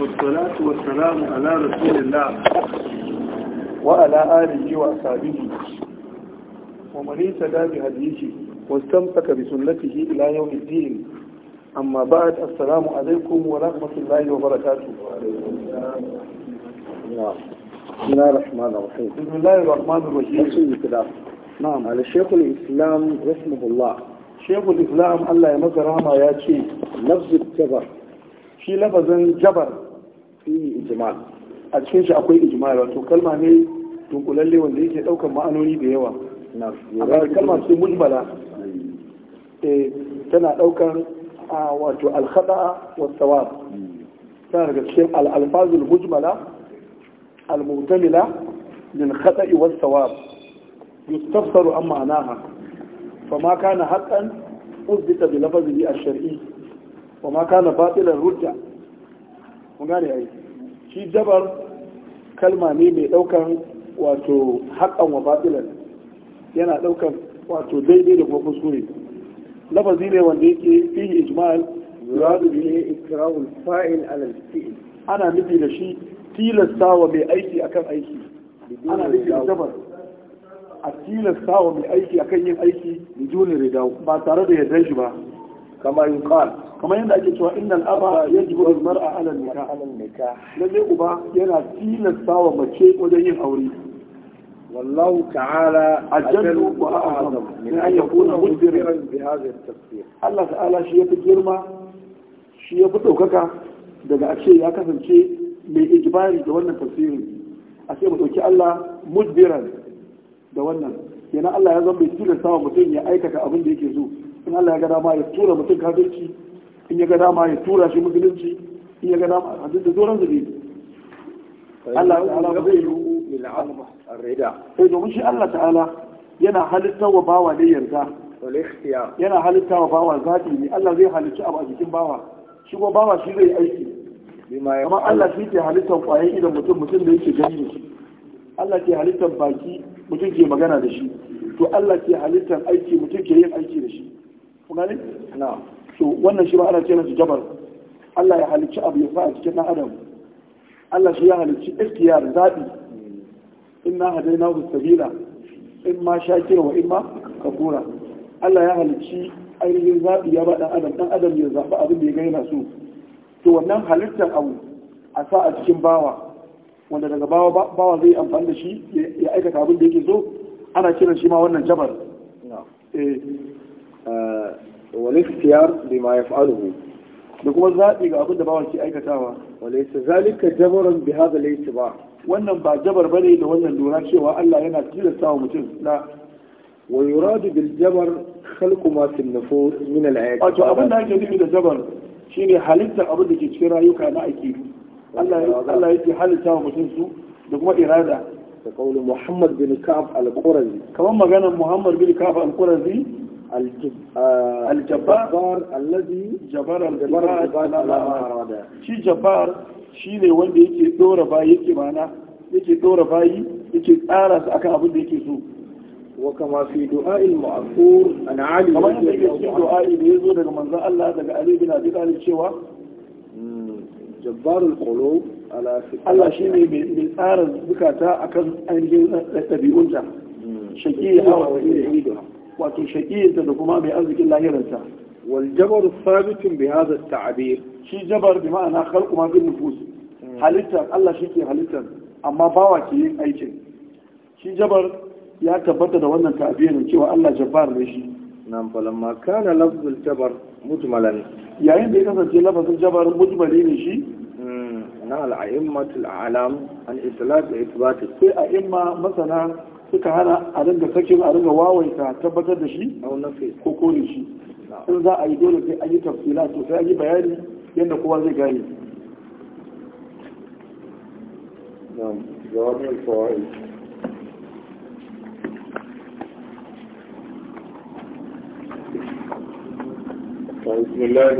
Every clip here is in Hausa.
والصلاة والسلام على رسول الله وعلى آله وأصحابه ومن اهتدى بهديه واستمسك بسنته إلى يوم الدين أما بعد السلام عليكم ورحمة الله وبركاته بسم الله الرحمن الرحيم بسم الله الرحمن الرحيم نعم على شيخ الإسلام رحمه الله شيخ الإسلام الله يمسر ما يا شيخ لفظ الجبر shi lafazin jabar fihi ijmal a cikin shi akwai ijmal wato kalma ne dunkulalle wanda yake daukan ma'anoni da yawa amma kalma ce mujmala. Hmm. eh tana daukan wato alkhada wa thawab hmm. tana daga cikin al-alfazul mujmala al-mu'tamila lil khata'i wa thawab yustafsaru an ma'anaha فما كان حقا أثبت بلفظه الشرعي وما كان باطلا رجع kun gane ai shi jabar kalma ne mai daukan wato haƙan wa batilan yana daukan wato daidai da kuma kuskure lafazi ne wanda yake fihi ijmal yuradu bihi ikrarul fa'il ala fi'il ana nufi da shi tilasta wa mai aiki akan aiki ana nufi da jabar a tilasta wa mai aiki akan yin aiki bijuni ridaw ba tare da yardar shi ba kamar yuqal yadda ake cewa innal aba yajibu al mar'a ala al nikah ala uba yana tilasta wa mace wajen yin aure والله تعالى أجل وأعظم من أن يكون مدبرا بهذا التفسير الله تعالى شيء تجرمه shi ya fi ɗaukaka daga a ya kasance mai ijibari da wannan tafsirin a ce mu ɗauki Allah mudbiran da wannan yana Allah ya zama mai tilasta wa mutum ya aikata abin da yake so in Allah ya ga dama ya tura mutum kafirci in ya ga dama ya tura shi musulunci in ya ga dama a duk da zoran zube Allah ya Allah bai yi rida eh, sai domin shi Allah ta'ala yana halitta wa bawa ne yarda yana halitta wa bawa zaɓi ne Allah zai halicci abu a jikin bawa shi ko bawa shi zai aiki amma Allah shi ke halittar kwayan idan mutum mutum da yake gani Allah ke halittar baki mutum ke magana da shi to Allah ke halittar aiki mutum ke yin aiki da shi kuma na so wannan shi ba ana ce masa jabar Allah ya halicci abu ya fara cikin dan adam Allah shi ya halicci ikhtiyar na inna na sabila in ma shakira wa in ma kafura Allah ya halicci ainihin zaɓi ya ba dan adam dan adam ya zabi abin da ya ga yana so to wannan halittar abu a sa a cikin bawa wanda daga bawa bawa zai amfani da shi ya aikata abin da yake so ana kiran shi ma wannan jabar wani ikhtiyar bima yaf'aluhu da kuma zaɓi ga abin da bawa ke aikatawa walaysa zalika jabaran bi hadha laysa ba wannan ba jabar bane da wannan lura cewa Allah yana tilasta wa mutum la wa yuradu bil jabar khalqu ma fil nufus min al ayat wato abin da ake nufi da jabar shine halittar abin da ke cikin rayuka na aiki Allah Allah yake halitta wa mutum su da kuma irada da kaulin Muhammad bin Ka'ab al-Qurazi kamar maganar Muhammad bin Ka'ab al-Qurazi الجبار الذي جبر الجبار على ما أراد شي ne wanda yake dora bayi yake mana yake dora bayi yake tsara su akan abin da yake so wa kama fi du'a'il ma'thur an ali kamar yadda yake cikin du'a'i da yazo daga manzon Allah daga Ali bin Abi Talib cewa jabbarul qulub ala Allah shine mai tsara zukata akan ainihin ɗabi'unta shakiya wa ɗabi'unta wato shaqiyinta da kuma mai arzikin lahirarta wal jabar sabitun bi hadha ta'bir shi jabar bi ma'ana khalqu ma bil nufus hmm. halittar Allah shi ke halittar amma bawa ke yin aikin shi jabar ya tabbata da wannan ta'birin cewa Allah jabbar ne shi nan falamma kana lafzul jabar mujmalan yayin da ya kasance lafazin jabar mujmali ne shi hmm. na al'a'immatul alam an islat da ita isbati sai a'imma masana suka hana a dinga sakin a dinga wawaita tabbatar da shi ko kore shi in za a yi dole sai an yi tafsila to sai an yi bayani yadda kowa zai gane بسم الله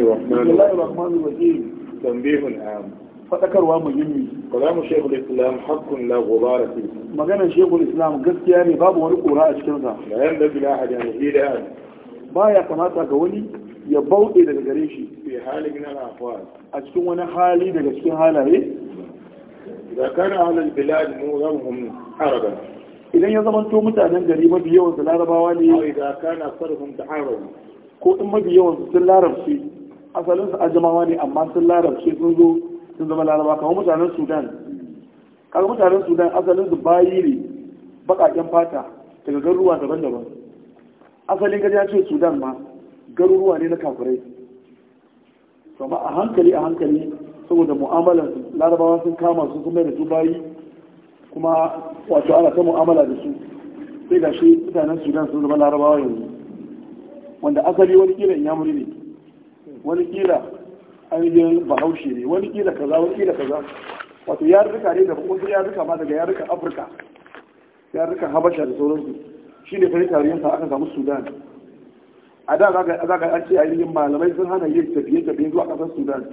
الرحمن الرحيم تنبيه عام fadakarwa muhimmi kalamu shaykhul islam haqqun la ghubara fi maganar shaykhul islam gaskiya ne babu wani kura a cikin sa la yanda bila hadan hida baya kamata ga wani ya bauɗe daga gare shi fi halin na afwal a cikin wani hali daga cikin halaye da kana halal bilad mughramhum araba. idan ya zama to mutanen gari mafi yawan su larabawa ne da kana sarhum da arabu ko in mafi yawan su sun larabci asalin su ajamawa ne amma sun larabci sun zo sun zama laraba kamar mutanen sudan kamar mutanen sudan asalin su bayi ne bakaken fata daga garuruwa daban-daban asalin gajiya ce sudan ma garuruwa ne na kafirai kuma a hankali a hankali saboda mu'amalar larabawa sun kama su sun mai da su bayi kuma wato ana ta mu'amala da su sai ga shi mutanen sudan sun zama larabawa yanzu wanda asali wani kila in yamuri ne wani kira ainihin bahaushe ne wani kila kaza wani kila kaza wato yarurruka ne da ya yarurruka ma daga rika afirka rika habasha da sauransu shi ne fahimtar yansa aka samu sudan a da za ka ake ainihin malamai sun hana yin tafiye-tafiye zuwa kasar sudan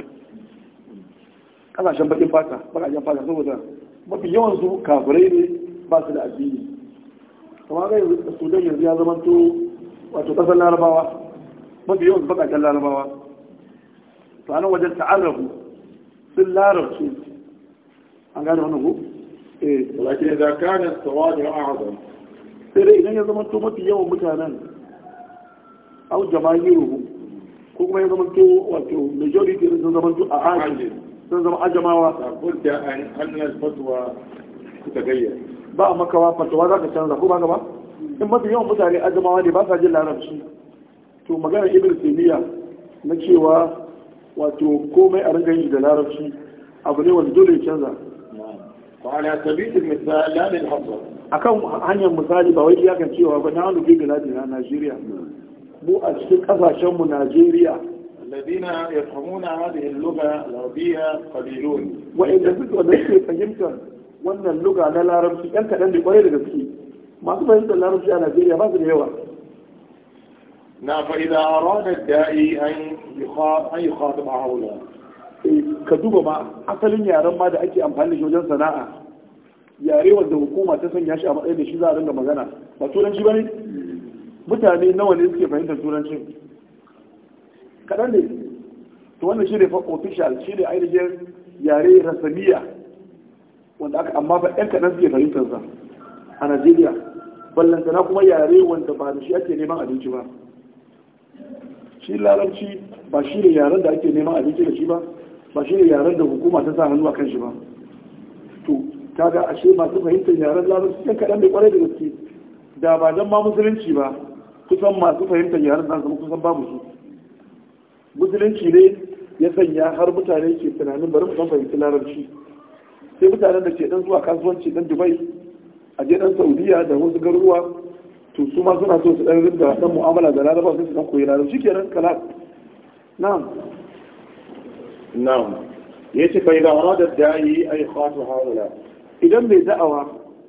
kasashen baƙin fata baƙaƙen fata saboda mafi yawan su kafirai ne ba su da addini kamar ga sudan yanzu ya zama to wato ƙasar larabawa mafi yawan su baƙaƙen larabawa to anan wajen ta'arrabu sun larabci an gane wani hukum eh lakin da kana tawadu a'zam sai dai idan ya zama to mafi yawan mutanen au jama'iruhu ko kuma ya zama to wato majority sun zama to a ajin sun zama ajamawa da an annal fatwa gayyar ba makawa fatawa za ka canza ko ba ka ba in mafi yawan mutane ajamawa ne ba sa jin larabci to magana ibn taymiya na cewa wato komai a rinka yi da larabci abu ne wanda dole ya canza وعلى سبيل المثال لا للحظة أكون هنيا مثالي بوي يا كان cewa ba na nufi biladina Najeriya mu a cikin kasashen mu Najeriya الذين يفهمون هذه اللغة العربية قليلون وإذا كنت ودرت فهمت wannan luga na larabci ɗan kaɗan da ƙwarai da gaske masu fahimtar larabci a Najeriya ba su da yawa na fa'iza a ranar da'i an yi khatu a haula ka duba ma asalin yaren ma da ake amfani da shi wajen sana'a yare wanda hukuma ta sanya shi a matsayin da shi za a ringa magana ba turanci ba ne mutane nawa ne suke fahimtar turancin kaɗan ne to wannan shi ne fa official shi ne ainihin yare rasamiya wanda aka amma fa ɗan kaɗan suke fahimtar sa a najeriya ballantana kuma yare wanda ba da shi ake neman abinci ba shi larabci ba shi ne yaren da ake neman abinci da shi ba ba shi ne yaren da hukuma ta sa hannu a kan shi ba to ta ga ashe masu fahimtar yaren larabci ɗan kaɗan mai kwarai da gaske da ba don ma musulunci ba kusan masu fahimtar yaren za su kusan babu su musulunci ne ya sanya har mutane ke tunanin bari mu san fahimci larabci sai mutanen da ke ɗan zuwa kasuwanci ɗan dubai a je Saudiyya saudiya da wasu garuruwa to su ma suna so su dan rinda dan mu'amala da laraba sai su dan koyi laraba shikenan kala na'am na'am yace fa idan arada da'i ay khatu haula idan mai da'awa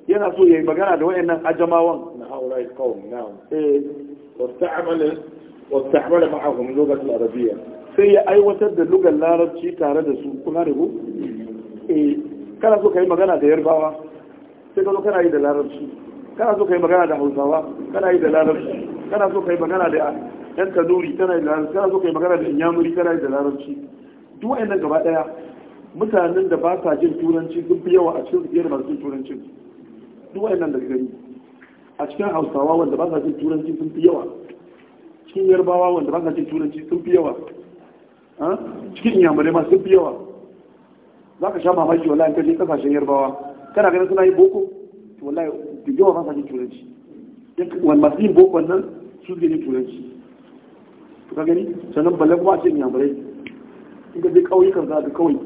yana so ya yi magana da wayannan ajamawan na haula qaum na'am eh wasta'mal wasta'mal ma'ahum lugat al arabiya. sai ya aiwatar da lugar larabci tare da su kuma da ku eh kana so yi magana da yarbawa sai ka zo kana yi da larabci kana so ka yi magana da hausawa kana yi da larabci kana so ka yi magana da yan kaduri kana yi da larabci kana so ka yi magana da inyamuri kana yi da larabci duk wa'annan gaba daya mutanen da ba sa jin turanci duk yawa a cikin biyar masu jin turancin duk wa'annan da gani a cikin hausawa wanda ba sa jin turanci sun fi yawa cikin yarbawa wanda ba sa jin turanci sun fi yawa cikin inyamurai ma sun fi yawa za ka sha mamaki wallahi kaje kasashen yarbawa kana ganin suna yi boko wallahi da yawa ba sa jin turanci wani masu yin bokon nan su ke jin turanci to ka gani sannan balle kuma a ce inyamurai in ka je ƙauyukan za ka kawai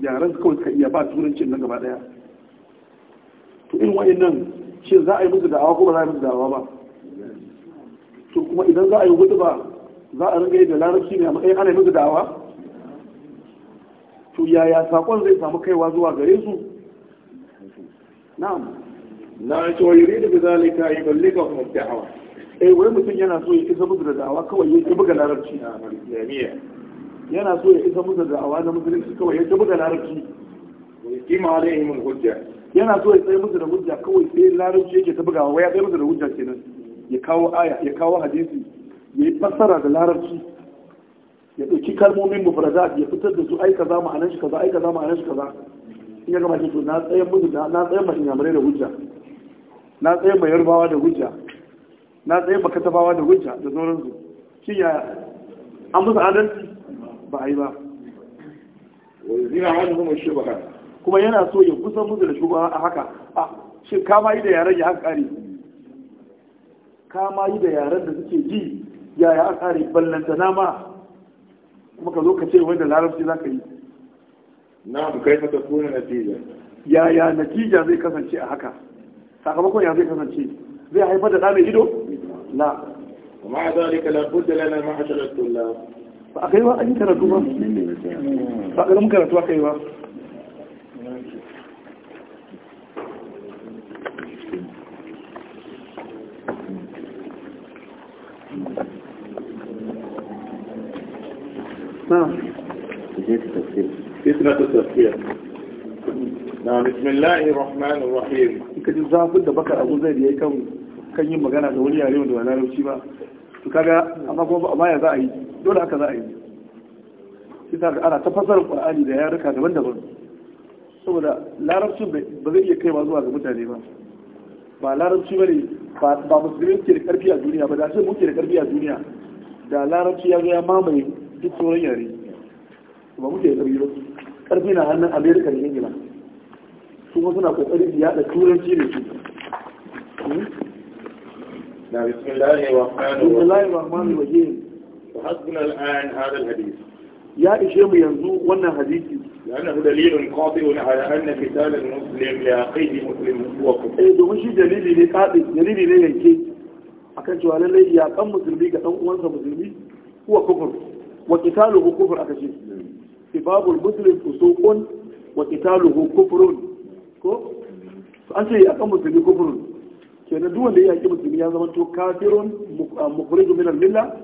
yaran kawai ka iya ba turancin nan gaba daya to irin nan, ce za a yi musu da'awa ko ba za a yi musu da'awa ba to kuma idan za a yi hudu ba za a ringa yi da larabci ne a matsayin ana yi musu da'awa to yaya sakon zai samu kaiwa zuwa gare su na'am na ce wa yuridu bi zalika kuma ad hawa. eh wai mutum yana so ya isa musu da dawa kawai ya ta buga larabci na islamiyya yana so ya isa musu da dawa na musulunci kawai ya ta buga larabci kima yi al-hujja yana so ya tsaye musu da hujja kawai sai larabci yake ta bugawa wai ya tsaye musu da hujja kenan ya kawo aya ya kawo hadisi ya yi fassara da larabci ya ɗauki kalmomin mufradat ya fitar da su ai kaza ma'anar shi kaza ai kaza ma'anar shi kaza in ya gama shi to na tsayen musu na tsayen mashi da hujja na tsaye mai yarbawa da hujja na tsaye ba katabawa da hujja da sauransu shi ya an musu adalci ba a yi ba kuma yana so ya kusan musu da shugaba a haka a ah, shi kama yi da yaren ya haka kare kama yi da yaren da suke ji ya ya haka kare ballanta na ma kuma ka zo ka ce wanda larabci za ka yi na bukai mata kuna natija ya ya natija zai kasance a haka sakamakon ya zai kasance zai haifar da ɗa mai ido ومع ذلك لابد بد ما معشر الطلاب فأخيوا أن كرتوا فأخيوا كرتوا أخيوا نعم. جيت التفسير. كيف لا na bismillahir rahmanir rahim kika ji zafin da bakar abu zai yi kan kan yin magana da wani yare da ba larabci ba to kaga amma kuma amma ya za a yi dole aka za a yi kisa ga ana ta fasar qur'ani da yaruka daban-daban saboda larabci ba zai iya kaiwa zuwa ga mutane ba ba larabci bane ba musulmi ke da karfi a duniya ba da sai muke da karfi a duniya da larabci ya zo ya mamaye duk sauran yare ba muke da karfi ba karfi na hannun amerika da ingila su kuma suna kokari su yada turanci da su hmm? na bismillahir rahmanir rahim hasbuna al'an hada al لأنه دليل قاطع على أن قتال المسلم قيد مسلم هو كفر. إيه دومشي دليل لقاطع دليل ليه ينكي. أكن شو على يا كم مسلمي كم وانسى مسلمي هو كفر وكتاله كفر أكشي. سباب المسلم فسوق وكتاله كفر. ko an ce yakan musulmi kufurin kenan duwan da ya yaki musulmi ya zama to kafirun mukhrijun lilla.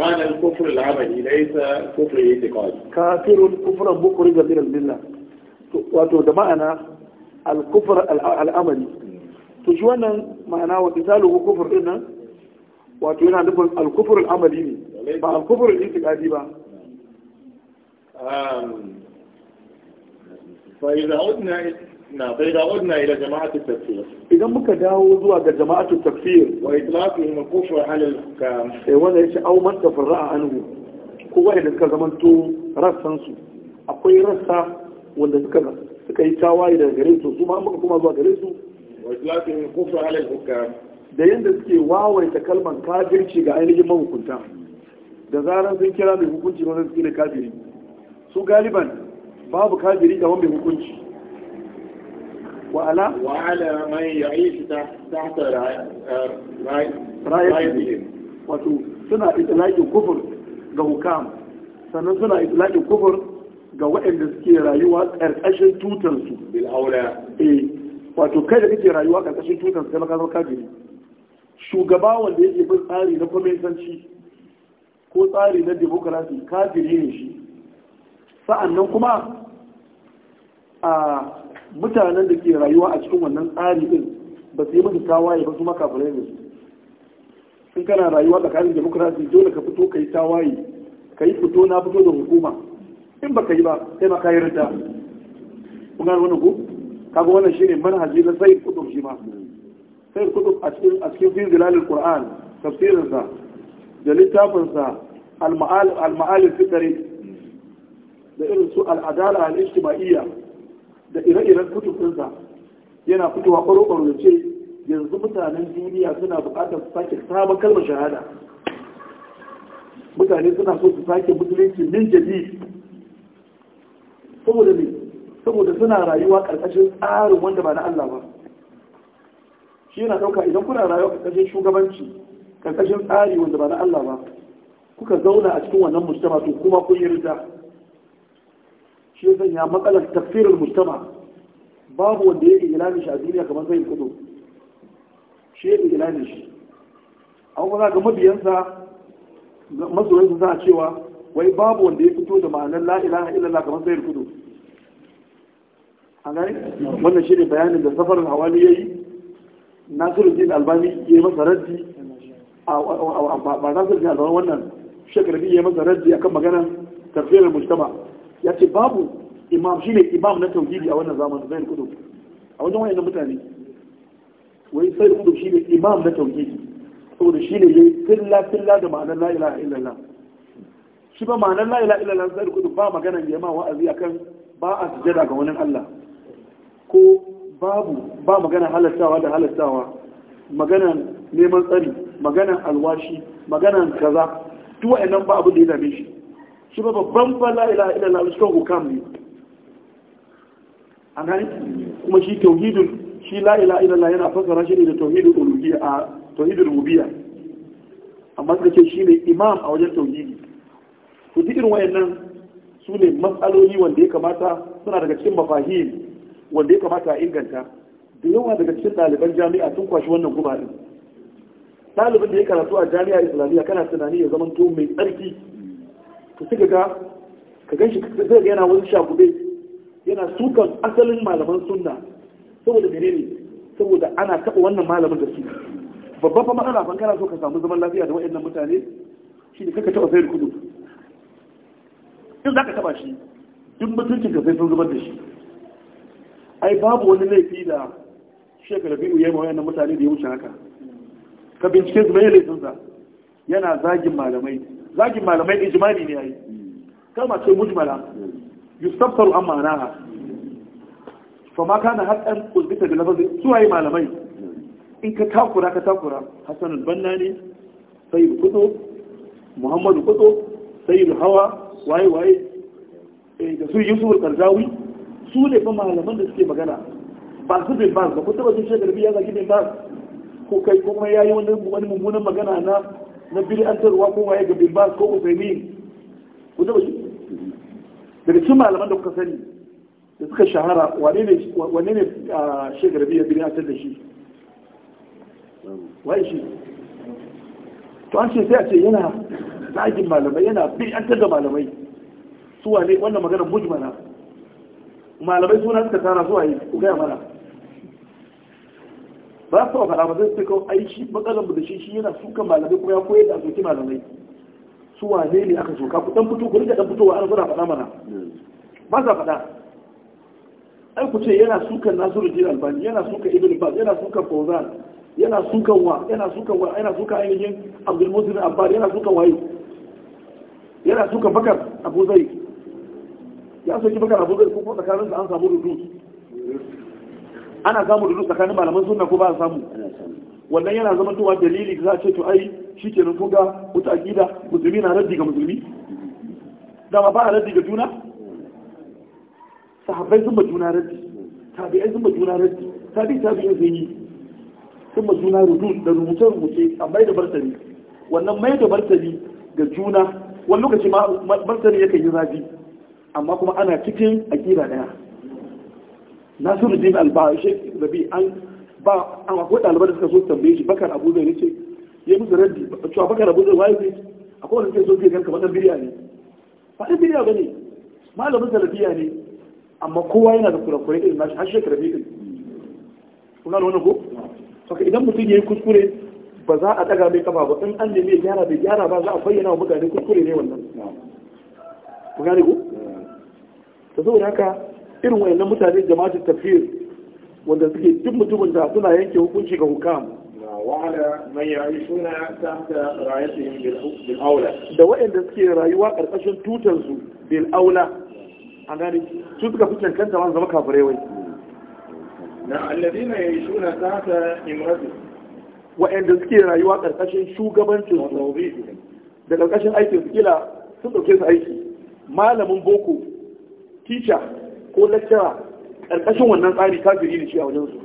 al-milla kufurin al-kufr al-amali laysa kufr al-i'tiqad kafirun kufurin mukhrijun min al lilla wato da ma'ana al-kufr to shi wannan ma'ana wa misalu kufr din nan wato yana nufin al-kufr al ne ba al-kufr al-i'tiqadi ba فإذا um, عدنا na bai da wadna ila jama'atu tafsir idan muka dawo zuwa ga jama'atu tafsir wa itlaqihim kufra ala al-hukam eh wanda yace au man tafarra'a anhu ko wanda suka zamanto rassan su akwai rassa wanda suka suka yi tawaye daga gare su su ma muka kuma zuwa gare su wa itlaqihim kufra ala al-hukam da yanda suke wawaita kalman kafirci ga ainihin mahukunta da zaran sun kira mai hukunci wanda suke da kafiri su galiban babu kafiri kamar mai hukunci وعلى وعلى من يعيش تحت رايتهم wato suna itilaƙin kufur ga hukam sannan suna itilaƙin kufur ga waɗanda suke rayuwa ƙarƙashin tutansu wato kai da kake rayuwa ƙarƙashin tutansu kana kasar kafiri shugaba wanda yake bin tsari na kwaminsanci ko tsari na demokarasi kafiri ne shi sa'annan kuma a mutanen da ke rayuwa a cikin wannan tsari din ba su yi musu tawaye ba su makafirai ne sun kana rayuwa tsakanin demokrasi dole ka fito ka yi tawaye ka yi fito na fito da hukuma in ba ka yi ba sai ma ka yi rinta kun gane wani ku? kaga wannan shine manhaji na sayyid kutub shi ma Sai kutub a cikin a cikin fi zilalil qur'an da littafinsa al-ma'al al-ma'al da irin su al-adala al-ijtimaiyya da ire-iren kutubinsa yana fitowa ƙwaro-ƙwaro da ce yanzu mutanen duniya suna buƙatar su sake sabon kalmar shahada mutane suna so su sake musulunci min jadi saboda ne saboda suna rayuwa ƙarƙashin tsarin wanda ba na Allah ba shi yana ɗauka idan kuna rayuwa ƙarƙashin shugabanci ƙarƙashin tsari wanda ba na Allah ba kuka zauna a cikin wannan mujtama to kuma kun yi rida shi zan ya matsalar tafsirin mustama babu wanda ya ilanin shi a duniya kamar zai kudu shi yake ilanin shi an kuma ga mabiyansa masoyansa za a cewa wai babu wanda ya fito da ma'anar la ilaha illallah kamar zai kudu a gani wannan shi ne bayanin da safarin hawali ya yi jin albani ya yi masa raddi ba nasiruddin albani wannan shekarabi ya yi masa raddi akan maganar tafiyar mujtama ya ce babu imam shi ne imam na tauhidi a wannan zaman zai kudu a wajen wayannan mutane wai sai kudu shi ne imam na tauhidi saboda shi ne yayi filla filla da ma'anar la ilaha illallah shi ba ma'anar la ilaha illallah sai kudu ba magana ya ma wa'azi akan ba a sujada ga wani Allah ko babu ba magana halattawa da halattawa magana neman tsari magana alwashi magana kaza duk wa'annan ba abu da ya dame shi shi ba babban ba ila ila na shi kan hukam ne a nan kuma shi tauhidul shi la ila na yana fassara shi ne da tauhidul ulubiya a tauhidul rububiyya amma suka ce shi ne imam a wajen tauhidi su duk irin wayannan su ne matsaloli wanda ya kamata suna daga cikin mafahim wanda ya kamata a inganta da yawa daga cikin ɗaliban jami'a sun kwashi wannan guba ɗin ɗalibin da ya karatu a jami'a islamiyya kana tunani ya zamanto mai tsarki to suka ga ka gan shi zai ga yana wani shagube yana sukan asalin malaman sunna saboda ne saboda ana taɓa wannan malamin da su babban fa matsala ban kana so ka samu zaman lafiya da waɗannan mutane shi ne kaka taɓa sayar kudu in za ka taɓa shi duk mutuncin ka sai sun zubar da shi ai babu wani laifi da shekara biyu ya yi wayannan mutane da ya wuce haka ka bincike su mai laifinsa yana zagin malamai zagin malamai ijimali ne yayi kama ce mujmala yustafsaru an ma'anaha fa ma kana haqqan uzbita bi lafazi su waye malamai in ka takura ka takura hasan al-banna ne sayyid kudu muhammadu kudu sayyid hawa waye waye eh, da su yusuf al-qardawi su ne fa malaman da suke magana ba su bin ba ba ku taba jin shagarbi ya zagi bin ba ko kai kuma yayi wani mummunan magana na na biri bid'antarwa ko waye ga bin ko usaimi ku da shi daga cikin malaman da kuka sani da suka shahara wane ne wane ne shekara biya an da shi waye shi to an ce sai a ce yana zagin malamai yana an da malamai su wane wannan magana mujmala malamai suna suka tara zuwa yi ku gaya mana ba su faɗa ba zai ce kawai ai shi matsalar mu da shi shi yana sukan malamai kuma ya koyar da a soki malamai su wane ne aka soka ku dan fito ku rika dan fitowa an suna faɗa mana hmm. ba za faɗa ai ku ce yana sukan Nasiruddin Albani yana sukan Ibn Baz yana sukan fawzan yana sukan wa yana sukan wa yana sukan ainihin Abdul Muslim abbar yana sukan waye yana sukan Bakar Abu Zaid ya soki Bakar Abu Zaid ko tsakaninsa an samu rudu ana samu rudu tsakanin malaman sunna ko ba a samu wannan yana zama tuwa dalili da za a ce to ai shi ke nufu ga wata aƙida musulmi na raddi ga musulmi dama ba a raddi ga juna sahabbai sun ba juna raddi tabi'ai sun ba juna raddi tabi tabi'in sun yi sun ba juna rudu da rubuce rubuce a mai da martani wannan mai da martani ga juna wani lokaci ma martani yakan yi zafi amma kuma ana cikin aƙida ɗaya Na nasiruddin albani shek rabi an ba an akwai ɗaliban da suka so tambaye shi bakar abu zai ce ya musu raddi cewa bakar abu zai waye ne akwai wanda ke so ke ganka ba ɗan biriya ne ba ɗan biriya ba ne malamin salafiya ne amma kowa yana da kurakurai irin nashi har shekara biyu ɗin kuna da wani ko saka idan mutum ya yi kuskure ba za a ɗaga mai kafa ba in an nemi ya gyara bai gyara ba za a bayyana wa mutane kuskure ne wannan kuna ne ko ta da haka irin wayannan mutane jama'atul tafsir wanda suke duk mutumin da suna yanke hukunci ga hukam وعلى من يعيشون تحت رايتهم بالأولى da waɗanda suke rayuwa ƙarƙashin tutarsu bil aula an gani su suka fi cancanta wani zama kafirai wai na alladina ya'ishuna tahta imrati waɗanda suke rayuwa karkashin shugabancin su da ƙarƙashin aikin su kila sun ɗauke su aiki malamin boko teacher ko lecturer ƙarƙashin wannan tsari gari ne shi a wajen su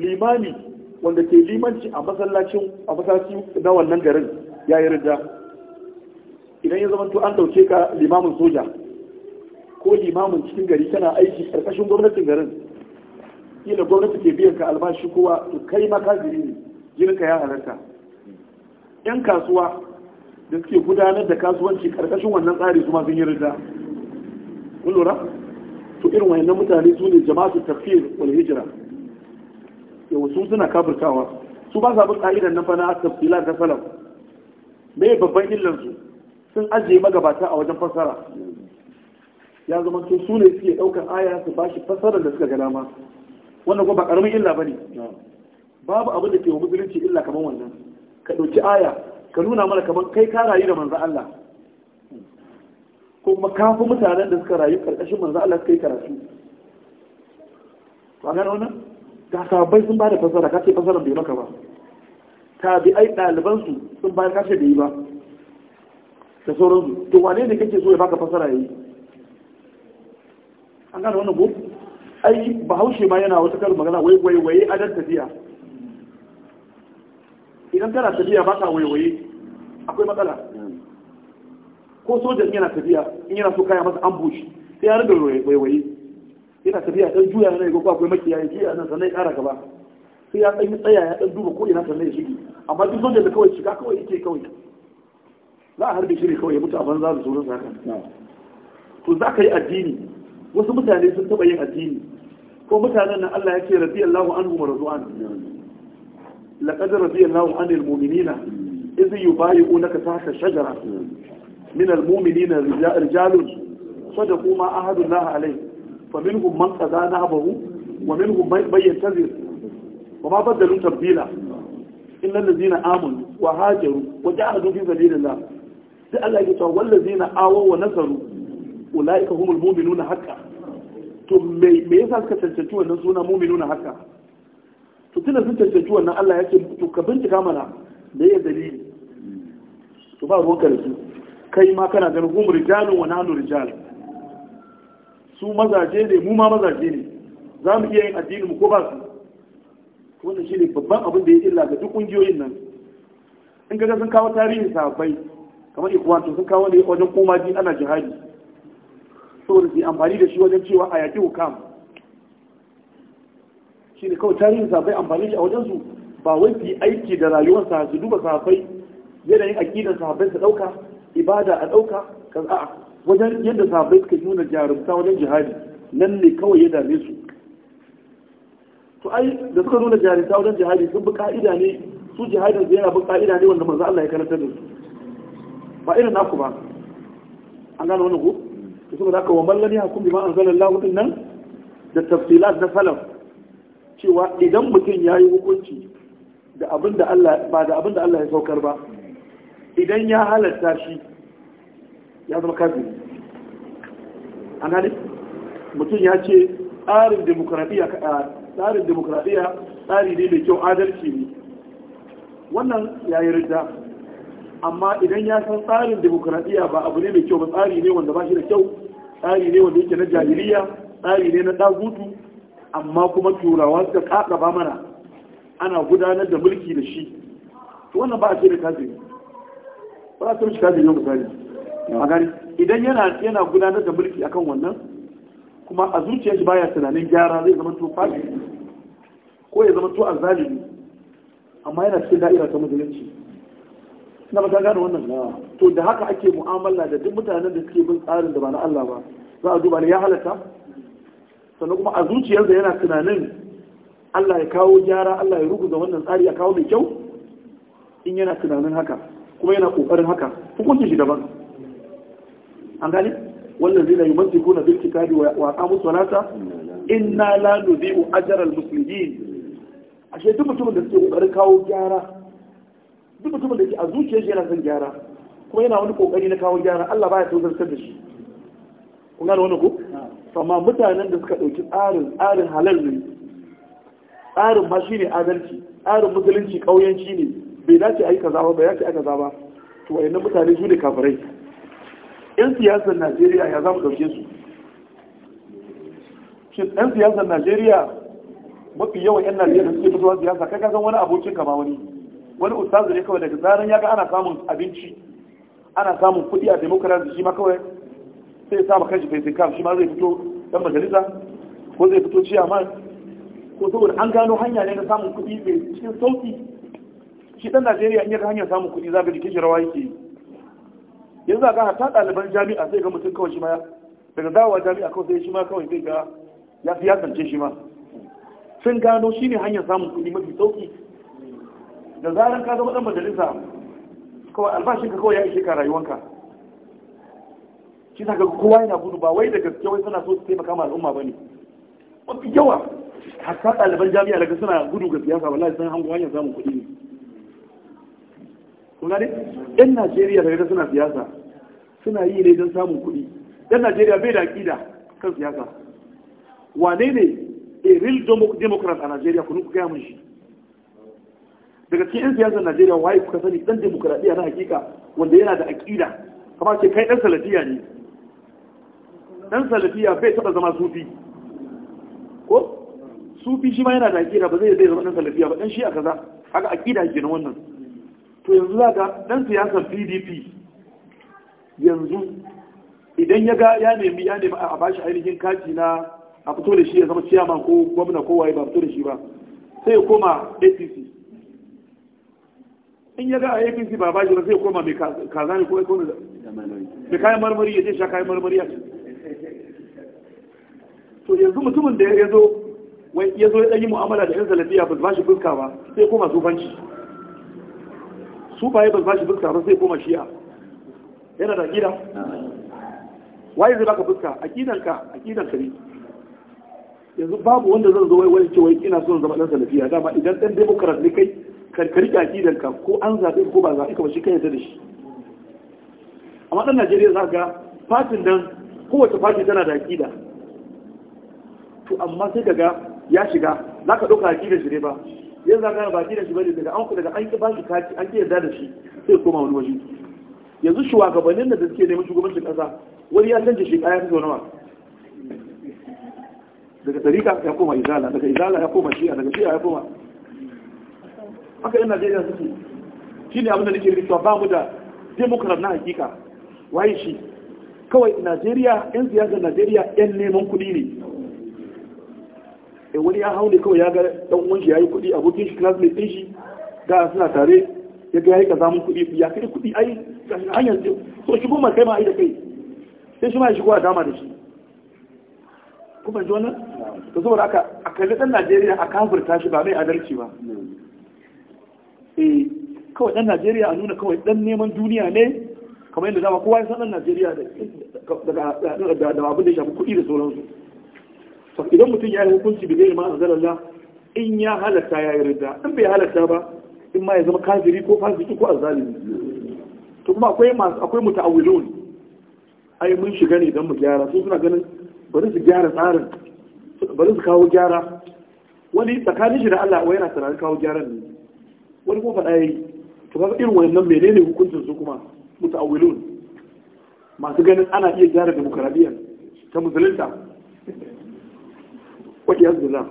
limami wanda ke limanci a masallacin a masallaci na wannan garin ya yi rida idan ya zama to an dauke ka limamin soja ko limamin cikin gari tana aiki ƙarƙashin gwamnatin garin kila gwamnati ke biyan ka albashi kowa to kai ma ka gari ne ka ya halarta yan kasuwa da suke gudanar da kasuwanci ƙarƙashin wannan tsari su ma sun yi rida kun to irin wayannan mutane su ne jama'atu tafsir wal hijra yau su suna kafirtawa su ba sa bin ka'idan nan fa na tafsila ta salaf me babban illan su sun ajiye magabata a wajen fasara. ya zama su su ne suke daukar aya su bashi fasarar da suka ga dama wannan kuma ba karamin illa ne. babu abin da ke wa musulunci illa kamar wannan ka ɗauki aya ka nuna mana kamar kai ka rayu da manzo Allah kuma kafin mutanen da suka rayu karkashin manzo Allah suka yi karatu to gano wannan ga sabai sun bada fasara ka ce fasaran bai maka ba tabi'ai ɗaliban su sun bada kashe da yi ba da sauransu to wane ne kake so ya baka fasara yayi an gano wannan ko ai bahaushe ma yana wata karin magana wai wai wai adan tafiya idan kana tafiya ba ka waiwaye akwai matsala ko sojan yana tafiya in yana so kaya masa ambush sai ya rinda waiwaye yana tafiya dan juya nan ya ga akwai makiyaye juya nan sannan ya kara gaba sai ya dan tsaya ya dan duba ko ina sannan ya shige amma duk sojan da kawai shiga kawai yake kawai za a harbe shi ne kawai ya mutu a banza da sauran haka to za ka yi addini wasu mutane sun taɓa yin addini ko mutanen nan Allah ya ce radiyallahu anhu wa radu'an laqad radiyallahu anil mu'minina idh yubayi'unaka tahta shajara min almu'minina rijalun sadaqu ma ahadullah alayhi faminhum man qada nahbahu wa minhum man yantazir wa ma badalu tabdila illa allazina amanu wa hajaru wa jahadu fi sabilillah sai Allah ya ce wallazina awaw wa nasaru ulaika humul mu'minuna haqqan to me me yasa wannan suna sun tantance wannan Allah ya ce to ka bincika mana da ya dalili to ba ruwan karatu kai ma kana ganin hum rijalun wa nanu rijal su mazaje ne mu ma mazaje ne za mu iya yin addini mu ko ba su wannan shine babban abin da ya illa ga duk kungiyoyin nan in ga sun kawo tarihin sahabbai kamar ikwanto sun kawo ne wajen koma ji ana jihadi saboda su amfani da shi wajen cewa a yaƙi hukam shi ne kawai tarihin sahabbai amfani shi a wajen su ba wai aiki da rayuwar sa su duba sahabbai yanayin aƙidar sahabbai su ɗauka ibada a ɗauka kan a'a wajen yadda sahabbai suka nuna jarumta wajen jihadi nan ne kawai ya dame su to ai da suka nuna jarumta wajen jihadi sun bi ka'ida ne su jihadin su yana bi ka'ida ne wanda manzo Allah ya karanta da su ba irin naku ba an gane wannan ko to saboda haka wa mallani hakum bima anzalallahu din nan da tafsilat na salaf cewa idan mutum yayi hukunci da abin da Allah ba da abin da Allah ya saukar ba idan ya halatta shi ya zama kafin an hali mutum ya ce tsarin demokradiyya tsarin demokradiyya tsari ne mai kyau adalci ne wannan ya yi rita amma idan ya san tsarin demokradiyya ba abu ne mai kyau ba tsari ne wanda ba shi da kyau tsari ne wanda yake na jahiliya tsari ne na dagutu amma kuma turawa suka ba mana ana gudanar da mulki da shi wannan ba a ce da kafin ba za shiga mishi kafin yau misali idan yana gudanar da mulki akan wannan kuma a zuciyar shi baya tunanin gyara zai zama to fashi ko ya zama to azzalimi amma yana cikin da'ira ta musulunci na mata gane wannan to da haka ake mu'amala da duk mutanen da suke bin tsarin da ba na Allah ba za a duba ne ya halatta sannan kuma a zuciyarsa yana tunanin Allah ya kawo gyara Allah ya ruguza wannan tsari ya kawo mai kyau in yana tunanin haka kuma yana kokarin haka hukuncin shi daban an gani wannan zai na yi mafi kuna bil kitabi wa aqamu salata inna la nudhi'u ajra al muslimin ashe duk mutumin da suke kokarin kawo gyara duk mutumin da ke a zuciyar shi yana son gyara kuma yana wani kokari na kawo gyara Allah baya tozartar da shi kun gane wannan ko amma mutanen da suka dauki tsarin tsarin halal ne tsarin ma shine adalci tsarin musulunci kauyanci ne bai dace a yi kaza ba bai dace a kaza ba to wayannan mutane su ne kafirai yan siyasar najeriya ya za mu ɗauke su yan siyasar najeriya mafi yawan yan najeriya suke fitowa siyasa kai kasan wani abokin kama wani wani ustazu ne kawai daga zaran ya ga ana samun abinci ana samun kuɗi a demokarasi shi ma kawai sai ya sa kanshi facing cap shi ma zai fito dan majalisa ko zai fito ciyaman ko saboda an gano hanya ne na samun kuɗi mai cikin sauki shi dan Najeriya in ya ga hanyar samun kuɗi zaka jikin shi rawa yake yi yanzu zaka hatta ɗaliban jami'a sai ga mutum kawai shi ma daga dawowa jami'a kawai sai shi ma kawai zai ga ya fi yakance shi ma sun gano shi ne hanyar samun kuɗi mafi sauƙi da zarar ka zama ɗan majalisa kawai albashinka kawai ya ishe ka rayuwanka shi ta kowa yana gudu ba wai da gaske wai suna so su taimaka ma al'umma ba ne mafi yawa hatta ɗaliban jami'a daga suna gudu ga siyasa wallahi sun hango hanyar samun kuɗi ne kuma ne yan najeriya daga suna siyasa suna yi ne don samun kuɗi yan najeriya bai da aƙida kan siyasa wane ne a real democrat a najeriya kunu ku gaya mun shi daga cikin yan siyasar najeriya waye kuka sani dan demokradiyya na hakika wanda yana da aƙida kamar ce kai dan salafiya ne dan salafiya bai taɓa zama sufi ko sufi shi ma yana da aƙida ba zai zama dan salafiya ba dan shi a kaza haka aƙida ke na wannan to yanzu za ga ɗan siyasar pdp yanzu idan ya ga ya nemi ya nemi a bashi ainihin kati na a fito da shi ya zama ciyama ko gwamna ko waye ba fito da shi ba sai ya koma apc in ya ga a apc ba bashi ba sai ya koma mai kaza ne ko ikonu da da kayan marmari ya je sha kayan marmari ya to yanzu mutumin da ya zo ya zo ya ɗan yi mu'amala da yan salafiya ba su fuska ba sai ya koma tsofanci su ya ba shi fuska ba sai koma shi'a yana da gida waye zai baka fuska a a akidanka ne yanzu babu wanda zan zo wai wai ce wai ina son zama dan salafiya dama idan dan demokrat ne kai karkari a akidanka ko an zabe ko ba zabe ka ba shi kai yadda da shi amma dan Najeriya za ga fatin dan kowace fati tana da akida to amma sai daga ya shiga za ka ɗauka akidar shi ne ba yanzu ka ba da shi bane daga an ku daga an ki ba shi an ki yarda da shi sai koma wani waje yanzu shugabannin da suke neman shugabancin kasa wani ya canje shi kaya ta nawa daga tarika ya koma izala daga izala ya koma shi'a daga shi'a ya koma haka yan Najeriya suke shine abin da nake rikita ba mu da demokrat na hakika waye shi kawai Najeriya yan siyasar Najeriya yan neman kuɗi ne in eh, wani ya hau ne kawai ya ga dan uwan shi yayi kuɗi abokin shi classmate din shi da suna tare ya ga yayi kaza mun kuɗi ya kai kuɗi ai hanyar ce so shi kuma kai ma ai da kai sai shi ma ya shigo a dama da shi kuma ji wannan to saboda haka a kalli dan Najeriya a kafirta shi ba mai adalci ba eh kawai dan Najeriya a nuna kawai dan neman duniya ne kamar yadda dama kowa ya san dan Najeriya da da abin da ya shafi kuɗi da sauransu idan mutum ya yi hukunci da a zarar da in ya halatta ya yi rida in bai halatta ba in ma ya zama kafiri ko fasiki ko azzalimi to kuma akwai masu akwai muta'awwilun ai mun shiga ne don mu gyara su suna ganin bari su gyara tsarin bari su kawo gyara wani tsakanin shi da Allah wai yana tunanin kawo gyaran ne wani kuma faɗa yayi to kaga irin wannan menene hukuncin su kuma muta'awwilun masu ganin ana iya gyara demokradiyyar ta musulunta wake yanzu na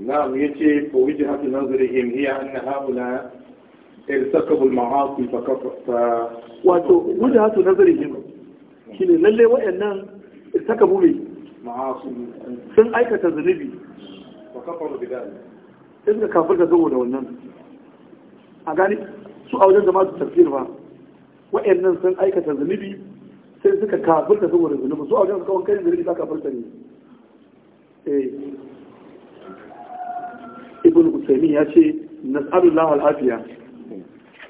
na'am yace fa wajhatu nazrihim hiya anna haula irtakabu al-ma'asi fa kafa wato wajhatu shi ne lalle wayannan irtakabu ne ma'asi sun aikata zunubi fa kafaru bidal sai da kafirta saboda wannan a gani su a wajen jama'a su tafsir ba wayannan sun aikata zunubi sai suka da kafirta da zunubi su a wajen suka wankan zunubi ta kafirta ne Eh. ibn usaimin ya ce nas'alullah al-afiya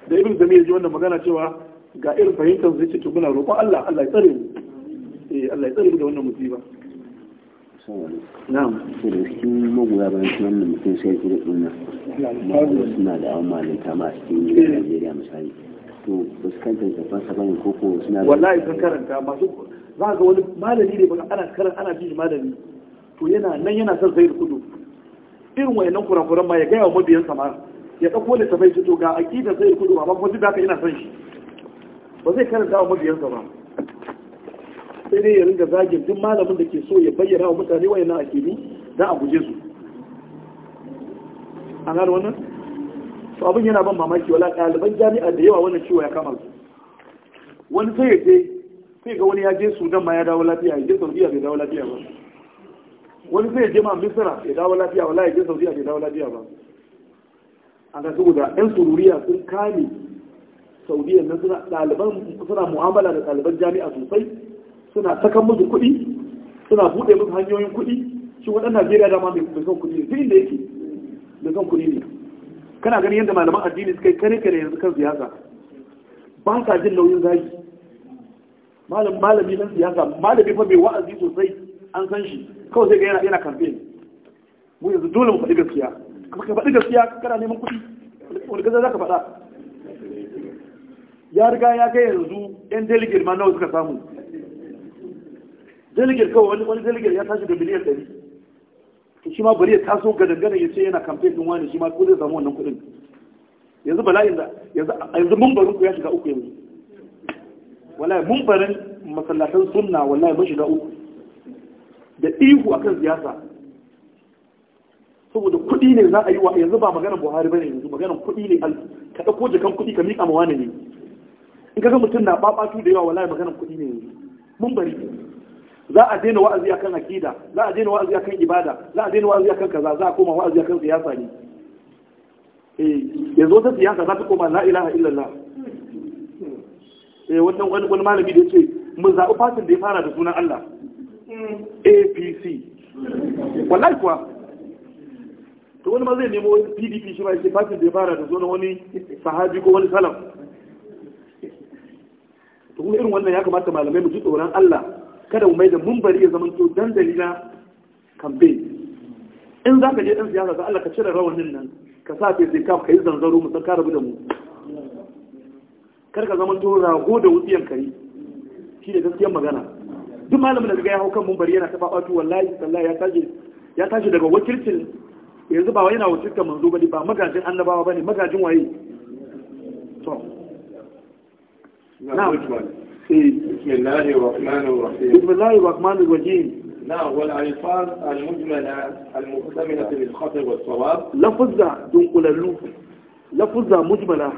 da ibn ya ji wannan magana cewa ga irin fahimtar zai ce tuguna roƙon Allah Allah ya tsare mu eh Allah ya tsare mu da wannan musiba na'am to da cikin magoya bayan sunan da mutum sai ku da sunna suna da awon malinta ma a cikin Najeriya misali to fuskantar su kanta da fasa bane ko suna wallahi sun karanta masu za ga wani malami ne ba ana karanta ana ji malami to yana nan yana son sayar kudu irin wayannan kurakuran ma ya gaya wa mabiyansa ma ya ɗauko littafai shi to ga aƙidar sayar kudu amma kuma duk da haka yana son shi ba zai karanta wa mabiyansa ba sai dai ya ringa zagin duk malamin da ke so ya bayyana wa mutane wayannan aƙidu da a guje su an gano wannan to abin yana ban mamaki wala ɗaliban jami'a da yawa wannan ciwo ya kama su wani sai ya je sai ga wani ya je sudan ma ya dawo lafiya ya je saudiya bai dawo lafiya ba wani zai je ma misira ya dawo lafiya wala ya je saudiya ya dawo lafiya ba an ga saboda yan sururiya sun kame saudiya nan suna ɗaliban suna mu'amala da ɗaliban jami'a sosai suna sakan musu kuɗi suna buɗe musu hanyoyin kuɗi shi waɗannan najeriya dama mai son kuɗi ne duk inda yake mai son kuɗi ne kana ganin yadda malaman addini suka yi kare kare yanzu kan siyasa ba sa jin nauyin zagi malami nan siyasa malami fa mai wa'azi sosai an san shi kawai zai ga yana kamfe mu yanzu dole mu faɗi gaskiya kuma ka faɗi gaskiya kana neman kuɗi wani gaza za ka faɗa ya riga ya ga yanzu yan delegate ma nawa suka samu delegate kawai wani wani ya tashi da miliyan ɗari to shi ma bari ya taso ga dangane ya ce yana kamfe ɗin wani shi ma ko zai samu wannan kuɗin yanzu bala'in da yanzu mumbarin ku ya shiga uku yanzu wallahi mumbarin masallatan sunna wallahi mun shiga uku da ihu akan siyasa saboda kuɗi ne za a yi wa yanzu ba maganar buhari bane yanzu maganar kuɗi ne al- ka ɗauko jakan kuɗi ka miƙa ma wani ne in ka ga mutum na ɓaɓatu da yawa wallahi maganar kuɗi ne yanzu mun bari za a daina wa'azi akan akida za a daina wa'azi akan ibada za a daina wa'azi akan kaza za a koma wa'azi akan siyasa ne eh yanzu ta siyasa za ta koma la ilaha illallah eh wannan wani malami da ya ce mun zaɓi fatin da ya fara da sunan Allah apc wallahi kuwa to wani ma zai nemo pdp shi ma yake fatin da ya fara da zuwa wani sahabi ko wani salam to kuma irin wannan ya kamata malamai mu ji tsoron allah kada mu mai da mun bari ya zama to dandali na campaign in za ka je ɗan siyasa za Allah ka cire rawanin nan ka sa fe sai ka yi zanzaro mu san ka rabu da mu kar ka zama to rago da wutsiyan kari shi ne gaskiyar magana duk malamin da daga ya hau kan mumbari yana ta faɓatu wallahi sallahi ya tashi ya tashi daga wakilcin yanzu ba yana wakiltar manzo bane ba magajin annabawa bane magajin waye to na'am bismillahir rahmanir rahim bismillahir rahmanir rahim نعم والألفاظ المجملة المؤتمنة للخطر والصواب لفظة دنقل اللوف لفظة مجملة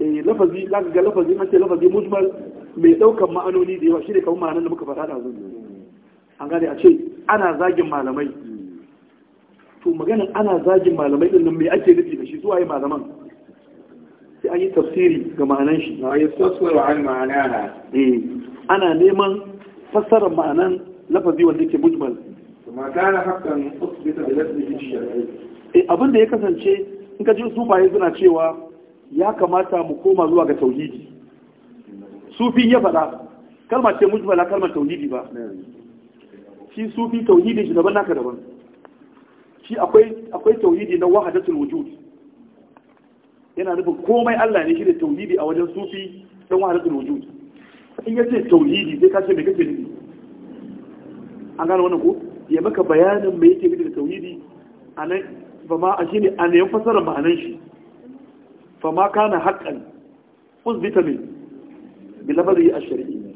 لفظي لا لفظي ما لفظي مجمل mai daukan ma'anoni da yawa shi ne kamar ma'anar da muka fara da zuwa an gane a ce ana zagin malamai to maganin ana zagin malamai din nan me ake nufi da shi zuwa yi malaman sai an yi tafsiri ga ma'anan shi na yi tafsirar an ma'anana eh, ana neman fassarar ma'anan lafazi wanda yake mujmal kuma kana hakan usbita da lafazi shar'i eh abin da ya kasance in ka ji sufaye suna cewa ya kamata mu koma zuwa ga tauhidi sufi ya faɗa kalma ce mujmala kalmar tauhidi ba shi sufi tauhidi shi daban naka daban shi akwai akwai tauhidi na wahadatul wujud yana nufin komai Allah ne shi da tauhidi a wajen sufi dan wahadatul wujud in yace tauhidi sai ka ce me kake nufi an gane wannan ko ya maka bayanin me yake nufi da tauhidi anan fa ma a shine an fasara ma'anan shi fa ma kana haqqan uzbita min bilabari a shari'i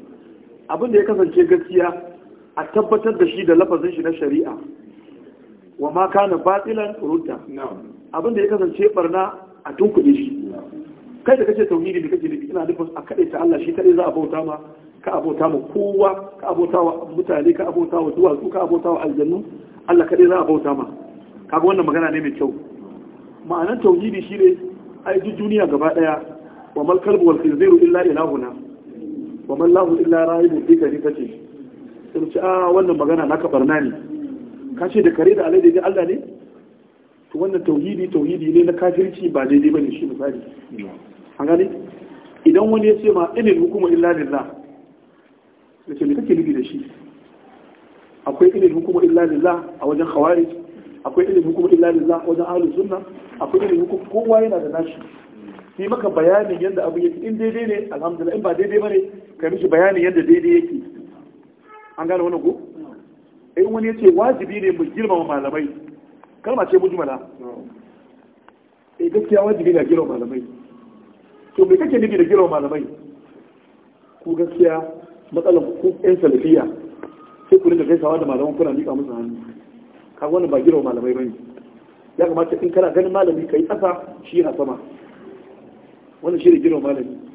abin da ya kasance gaskiya a tabbatar da shi da lafazin shi na shari'a wa ma kana batilan rudda abin da ya kasance barna a tunkuɗe shi kai da kace tauhidi da kace ina nufin a kaɗai ta Allah shi kaɗai za a bauta ma ka abota ma kowa ka abota wa mutane ka abota wa duwatsu ka abota wa aljannu Allah kaɗai za a bauta ma kaga wannan magana ne mai kyau ma'anar tauhidi shine ai duk duniya gaba daya wa mal wal khinziru illa ilahuna wa mallahu illa rayu bi kari kace sai ce a ah, wannan magana naka barna ne ka ce da kare da alai da Allah ne to wannan tauhidi tauhidi ne na kafirci ba daidai bane shi misali an gani idan wani ya ce ma inil hukuma illa lillah da ce me kake nufi da shi akwai ilil hukuma illa lillah a wajen khawarij akwai ilil hukuma illa lillah wajen ahlus sunna akwai ilil hukuma kowa yana da nashi sai maka bayanin yadda abu yake in daidai ne alhamdulillah in ba daidai bane kai mishi bayanin yadda daidai yake an gane wani ko eh, in wani ya ce wajibi ne mu girmama malamai kalma ce mujmala eh gaskiya wajibi ne girmama malamai to me kake nufi da girmama malamai ku gaskiya matsalar ku ɗan salafiya sai ku rinka sawa da malaman kuna miƙa musu hannu ka wannan ba girmama malamai bane ya kamata in kana ganin malami kai ƙasa shi yana sama wannan shi ne girmama malami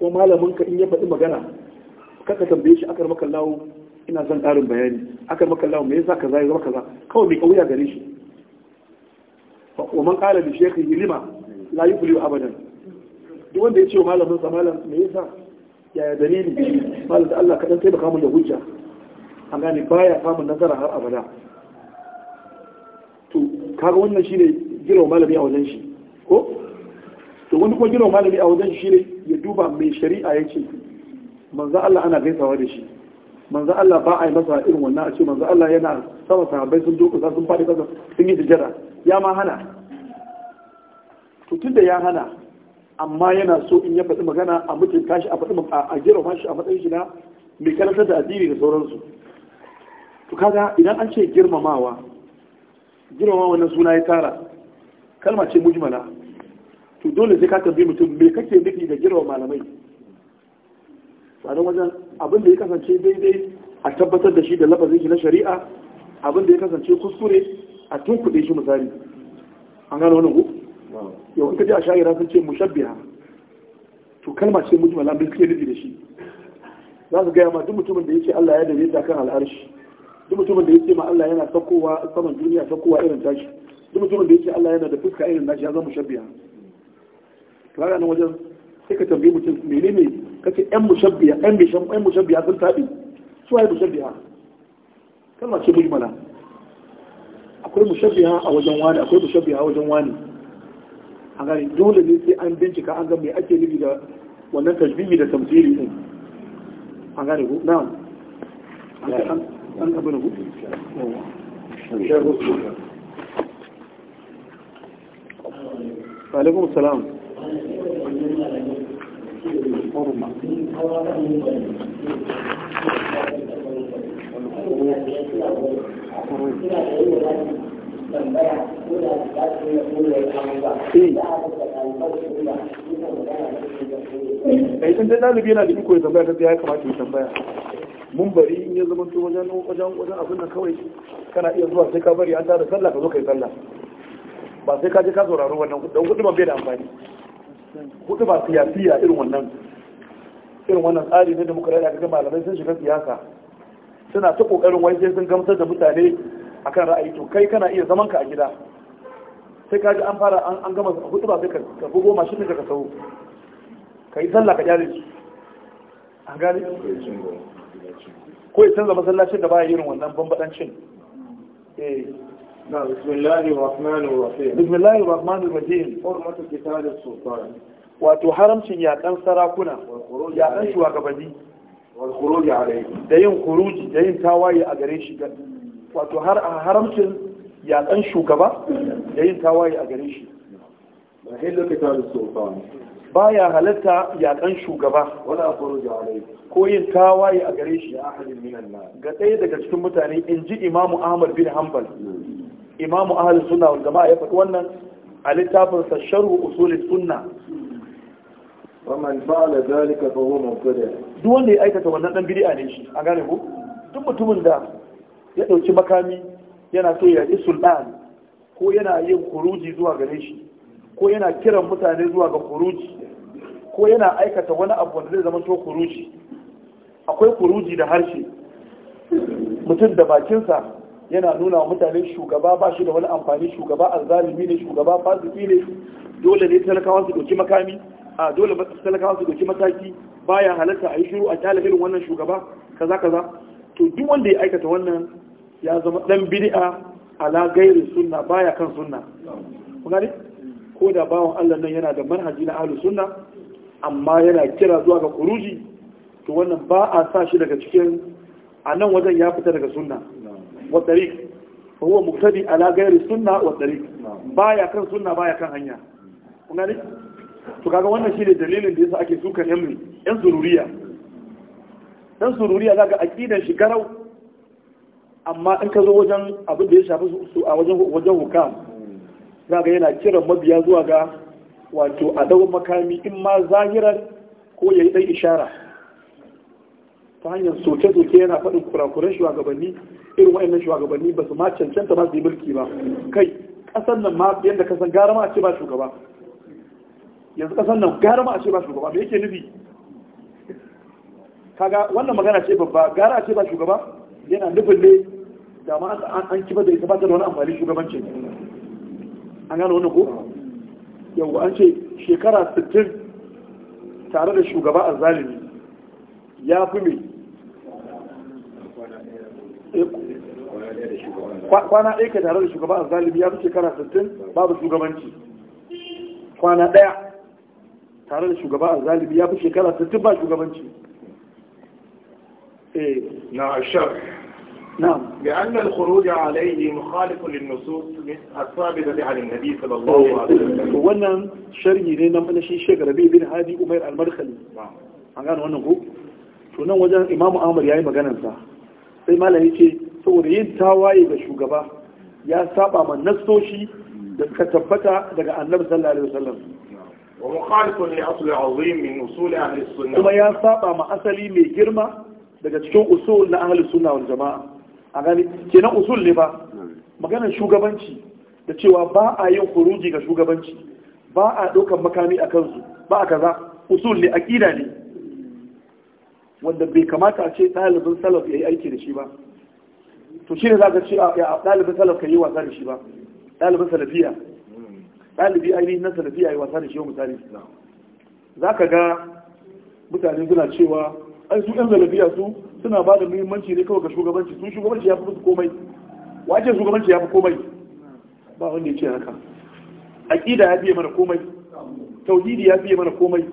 ko malamin ka in ya faɗi magana kaka tambaye shi akar maka lawo ina son ƙarin bayani akar maka lawo me yasa kaza ya zama kaza kawai mai kauya gare shi wa man qala li shaykhi lima la wa abadan duk wanda ya ce wa malamin sa malam me yasa yaya dalili malam da Allah kadan sai baka mun da hujja an gane baya samun nazara har abada to kaga wannan shine jira malami a wajen shi ko to wani kuma girma malami a wajen shi ya duba mai shari'a ya ce manzan Allah ana gaisawa da shi manzan Allah ba a yi masa irin wannan a ce manzan Allah yana sama sahabbai sun dokusa sun faɗi kasa sun yi sujjada ya ma hana to tun da ya hana amma yana so in ya faɗi magana a mutum tashi a faɗi a girma shi a matsayin shi na mai karantar da addini da sauransu to kaga idan an ce girmamawa girmamawa wannan suna ya tara kalma ce mujmala to dole sai ka tambayi mutum me kake nufi da girma malamai tsarin wajen abin da ya kasance daidai a tabbatar da shi da lafazin shi na shari'a abin da ya kasance kuskure a tun kuɗe shi misali an gano wani ku yau in ka ji a sha'ira sun ce mushabbiha to kalma ce mutum alamun suke nufi da shi za su gaya ma duk mutumin da ya ce Allah ya ta kan al'arshi duk mutumin da ya ce ma Allah yana sakowa saman duniya sakowa irin tashi duk mutumin da ya ce Allah yana da fuska irin nashi ya zama mushabbiha to haka nan wajen sai ka tambayi mutum menene kace yan mushabbiya yan bishan yan mushabbiya sun tabi su ai mushabbiya kalma ce mujmala akwai mushabbiya a wajen wani akwai mushabbiya a wajen wani a gani dole ne sai an bincika an ga me ake nufi da wannan tajbibi da tamthili din A gani ku na'am an abin ku alaikum salam الحرمة kai sun dai dalibi yana da iko ya tambaya ta ya kamata ya tambaya mun bari in ya zama wajen wajen wajen abin da kawai kana iya zuwa sai ka bari an tara sallah ka zo ka yi sallah ba sai ka je ka sauraro wannan dan kudi ba bai da amfani kudi ba siyasiya irin wannan irin wannan tsari na demokradiyya daga malamai sun shiga siyasa suna ta kokarin wai sai sun gamsar da mutane akan ra'ayi to kai kana iya zaman ka a gida sai ka ji an fara an gama hutu ba sai ka bugo shi da ka sau ka yi sallah ka jare su an gane ko ya canza masallacin da baya irin wannan bambadancin eh بسم الله الرحمن الرحيم بسم الله الرحمن الرحيم حرمة كتاب السلطان wato haramcin yaƙan sarakuna yakan shugabanni da yin kuruji da yin tawaye a gare shi wato haramcin yaƙan shugaba da yin tawaye a gare shi ba ya halatta yaƙan shugaba ko yin tawaye a gare shi ga ɗaya daga cikin mutane in ji imamu ahmad bin hanbal imamu ahal suna wanda jama'a ya faɗi wannan a littafinsa sharhu usulin sunna faman fa'ala zalika fa huwa duk wanda ya aikata wannan dan bid'a ne shi an gane ko duk mutumin da ya dauki makami yana so ya yi sultan ko yana yin kuruji zuwa gare shi ko yana kiran mutane zuwa ga kuruji ko yana aikata wani abu wanda zai zama to kuruji akwai kuruji da harshe mutum da bakinsa yana nuna wa mutane shugaba ba shi da wani amfani shugaba azzalimi ne shugaba fasiki ne dole ne talakawa su ɗauki makami a dole ba su doki mataki baya halatta a yi shiru a kyale irin wannan shugaba kaza kaza to duk wanda ya aikata wannan ya zama dan bid'a ala gairi sunna baya kan sunna kun gani ko da bawan Allah nan yana da manhaji na ahlus sunna amma yana kira zuwa ga kuruji to wannan ba a sa shi daga cikin a nan wajen ya fita daga sunna wa tariq fa huwa muqtadi ala gairi sunna wa tariq baya kan sunna baya kan hanya kun gani to kaga wannan shine dalilin da yasa ake sukan yan mai yan sururiya dan sururiya zaka aqidan shi garau amma in ka zo wajen abin da ya shafi su a wajen wajen hukam zaka yana kiran mabiya zuwa ga wato a dawo makami in ma zahiran ko yayi dan ishara ta hanyar soke-soke yana faɗin kurakuran shugabanni irin wa'annan shugabanni ba su ma cancanta ba su yi mulki ba kai ƙasar nan ma yadda ka san gara ma a ce ba shugaba yanzu kasan nan gara ma a ce ba shugaba me yake nufi kaga wannan magana ce babba gara a ce ba shugaba yana nufin ne da ma an kiba da ita ba ta da wani amfani shugabanci an gano wani ko yau an ce shekara 60 tare da shugaba a zalimi ya fi mai eh, kwana ɗaya ka tare da shugaba a zalimi ya fi shekara 60 babu shugabanci kwana ɗaya tare da shugaba a zalibi ya fi shekara ta ba shugabanci eh. na ashar نعم لأن الخروج عليه مخالف للنصوص الثابتة عن النبي صلى الله عليه وسلم وانا شرعي لنا من شيء شيخ ربيع بن هادي أمير المدخلي نعم أنا وانا هو tunan wajen imamu amur ya yi maganansa sai malam ya ce saboda yin tawaye ga shugaba ya saɓa ma nassoshi da suka tabbata daga annabi kuma ya saba ma asali mai girma daga cikin usul na ahli sunna wal jama'a a gani kenan usul ne ba maganar shugabanci da cewa ba a yin kuruji ga shugabanci ba a ɗaukar makami a kansu ba a kaza usul ne aƙida ne wanda bai kamata a ce ɗalibin salaf ya yi aiki da shi ba to shi ne za ka ce a ɗalibin salaf ka yi wasa da shi ba ɗalibin salafiya ɗalibi ainihin na a yi wasa da shi islam za ka ga mutane suna cewa ai su 'yan salafiya su suna ba da muhimmanci ne kawai ga shugabanci su shugabanci ya fi musu komai wace shugabanci ya fi komai ba wanda ya ce haka aƙida ya fiye mana komai tauhidi ya fiye mana komai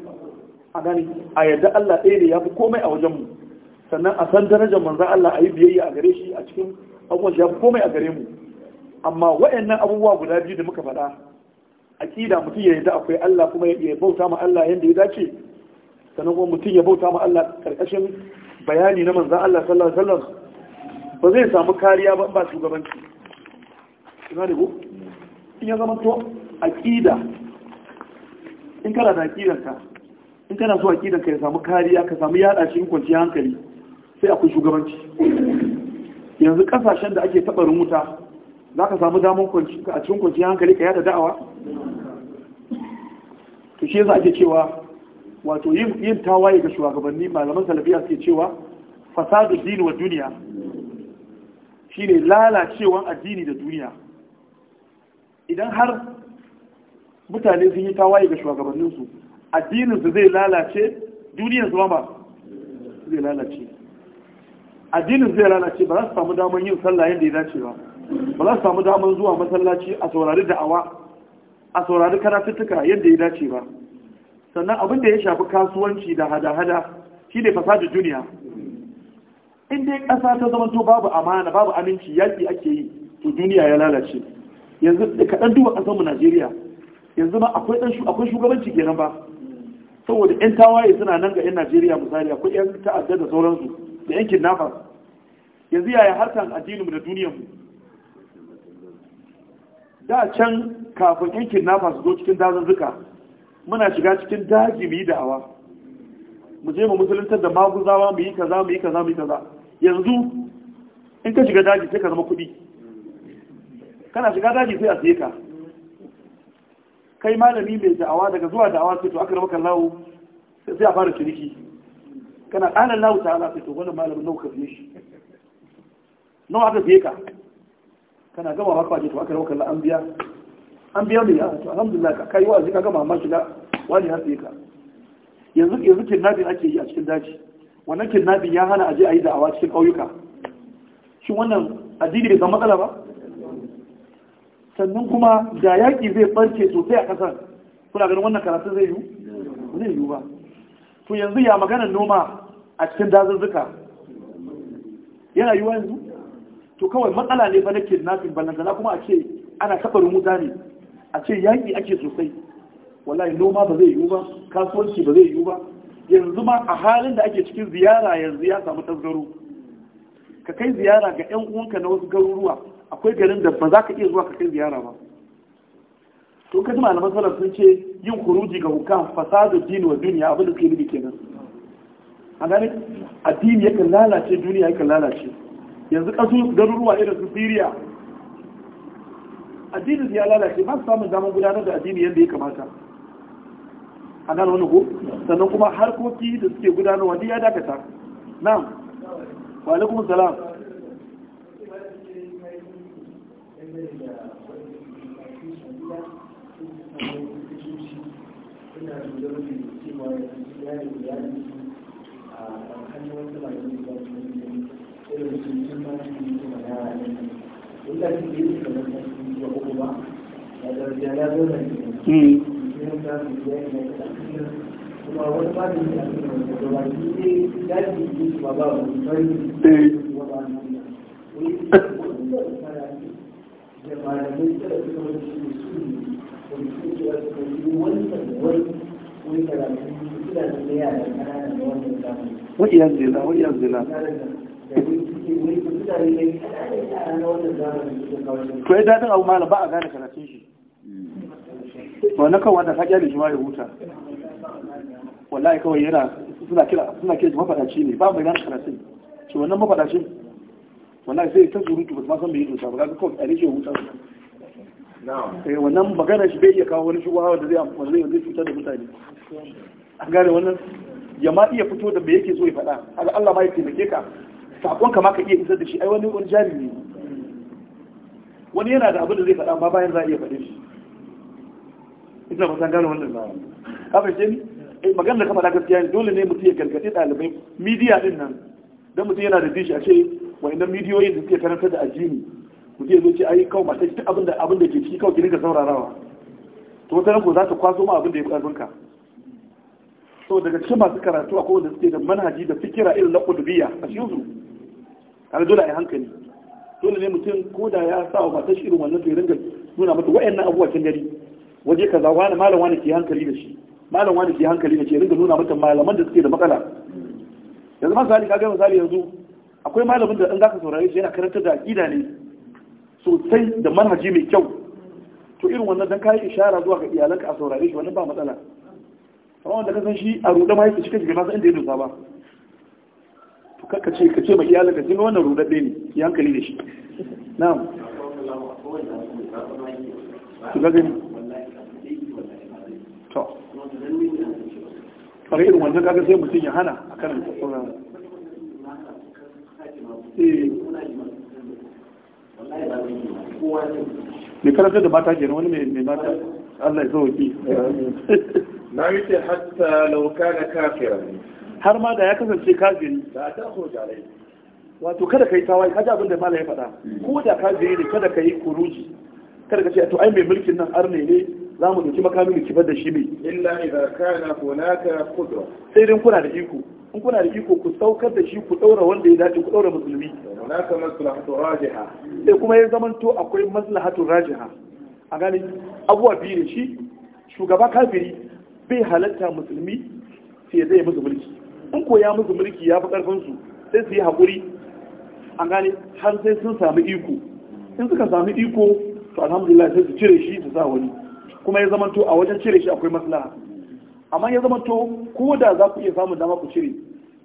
a gani a yadda Allah ɗaya ne ya fi komai a wajenmu sannan a san darajar manza Allah a yi biyayya a gare shi a cikin abubuwan ya fi komai a gare mu amma waɗannan abubuwa guda biyu da muka faɗa aqida mutum ya yarda akwai Allah kuma ya bauta ma Allah yanda ya dace sannan kuma mutum ya bauta ma Allah karkashin bayani na manzon Allah sallallahu alaihi wasallam ba zai samu kariya ba ba shugabanci ina ne ko in ya zama to aqida in kana da aqidanka in kana so aqidanka ya samu kariya ka samu yada shi in kwanciyar hankali sai akwai shugabanci yanzu kasashen da ake taɓa rumuta. za ka samu damar a cikin kwanciyar hankali ka yada da'awa to shi yasa ake cewa wato yin tawaye ga shugabanni malaman salafiya suke cewa fasadu dini wa duniya shine lalacewan addini da duniya idan har mutane sun yi tawaye ga shugabanninsu addininsu zai lalace duniyarsu ba zai lalace addinin zai lalace ba za su samu damar yin sallah yadda ya dace ba ba za su samu damar zuwa masallaci a saurari da'awa a saurari karatuttuka yadda ya dace ba sannan abin da ya shafi kasuwanci da hada-hada shi ne da duniya Inda ya ƙasa ta zama to babu amana babu aminci yaƙi ake yi to duniya ya lalace yanzu da kaɗan duba ƙasarmu najeriya yanzu ma akwai ɗan shugabanci kenan ba saboda yan tawaye suna nan ga yan najeriya misali akwai yan ta'adda da sauransu da yan kidnappers yanzu yaya harkan addininmu da duniyarmu da can kafin yan kidnappers su zo cikin zuka muna shiga cikin daji mu yi da'awa mu je mu musuluntar da maguzawa mu yi kaza mu yi kaza mu yi kaza yanzu in ka shiga daji sai ka zama kuɗi kana shiga daji sai a siye ka kai malami mai da'awa daga zuwa da'awa sai to aka rama lawo sai a fara ciniki kana ƙanan lawu ta'ala sai to wannan malamin nau ka fiye shi nau aka fiye ka kana gama ma kwaje to aka rawa kalla an biya an biya mai yara to alhamdulillah ka kai wa'azi ka gama ma shiga wani har ka yanzu yanzu kinnabi ake yi a cikin daji wannan kinnabi ya hana aje a yi da'awa cikin ƙauyuka shin wannan addini bai san matsala ba sannan kuma da yaƙi zai barke sosai a ƙasar kuna ganin wannan karatun zai yiwu zai yiwu ba to yanzu ya magana noma a cikin dazuzzuka yana yiwa yanzu to kawai matsala ne ba na kidnapping nan kuma a ce ana kabarin wuta ne a ce yaƙi ake sosai wallahi noma ba zai yiwu ba kasuwanci ba zai yiwu ba yanzu ma a halin da ake cikin ziyara yanzu ya samu tasgaro ka kai ziyara ga yan uwanka na wasu garuruwa akwai garin da ba za ka iya zuwa ka kai ziyara ba to kaji malaman salaf sun ce yin kuruji ga hukam fasadu dini wa duniya abin da suke nufi kenan a ganin addini yakan lalace duniya yakan lalace yanzu kasu garuruwa irin su Syria addinin ya lalace ba su samun damar gudanar da addini yadda ya kamata a nan wani ko sannan kuma harkoki da suke gudanarwa duk ya dakata na wa alaikum salam irin su sun wa zila. to ya daɗin abu malam ba a gane karatun shi wannan kan wanda kaƙi da shi ma ya huta wallahi kawai yana suna kira suna kira shi mafaɗaci ne ba mai gane karatun shi wannan mafaɗacin wallahi sai ta surutu ba ma san bai yi dosa ba ga kawai tsare shi ya huta eh, wannan magana shi bai iya kawo wani shugaba da zai amfani zai cutar da mutane a gane wannan ya ma iya fito da me yake so ya faɗa Allah ma ya taimake ka sakon kama ma ka iya isar da shi ai wani wani jari ne wani yana da abin da zai faɗa amma bayan za a iya faɗe shi ina ba san gano wannan ba haka ce ni eh, magana da kama da gaskiya ne dole ne mutum ya gargaɗe ɗalibai midiya din nan dan mutum yana da dishi a ce wa'annan midiyoyin da suke karanta da addini mutum ya zo ce ai kawai mata duk abin abinda abin da ke ciki kawai ki dinga saurarawa to wata ko za ta kwaso ma abin da ya fi ƙarfinka so daga cikin masu karatu a kowanne suke da manhaji da fikira irin na kudubiya a cikin su dole a yi hankali dole ne mutum ko da ya sa wa matashi irin wannan to ya ringa nuna mata wa'annan abubuwa can gari waje kaza wani malam wani ke hankali da shi malam wani ke hankali da shi ya ringa nuna mata malaman da suke da matsala yanzu misali kaga misali yanzu akwai malamin da in zaka saurare shi yana karantar da aqida ne sosai da manhaji mai kyau to irin wannan dan kai ishara zuwa ga iyalanka a saurare shi wannan ba matsala kamar wanda kasan shi a ruɗa ma yake cika shiga nasa inda ya dosa ba to kakka ce ka ce ma iyalin ka sun wannan ruɗaɗɗe ne ki hankali da shi na'am su ga gani to kare irin wannan kaga sai mutum ya hana a kan sauran eh. mai karatar da mata kenan wani mai mata Allah ya zo waki na yi ce hatta lauka na har ma da ya kasance kafin da ta hoja jarai. wato kada ka yi tawaye kaji abin da mala ya faɗa ko da kafiri ne kada ka yi kuruji kada ka ce to ai mai mulkin nan arne ne za mu ɗauki makamin da kifar da shi ne illa idza kana hunaka qudra sai dai kuna da iko in kuna da iko ku saukar da shi ku ɗaura wanda ya dace ku ɗaura musulmi hunaka maslahatu rajiha sai kuma ya to akwai maslahatu rajiha a gani abuwa biyu ne shi shugaba kafiri bai halatta musulmi sai zai musu mulki in ko ya musu mulki ya fi karfin su sai su yi hakuri A gane har sai sun sami iko in suka sami iko to alhamdulillah sai su cire shi su sa wani kuma ya zamanto a wajen cire shi akwai maslaha amma ya zamanto ko da za ku iya samun dama ku cire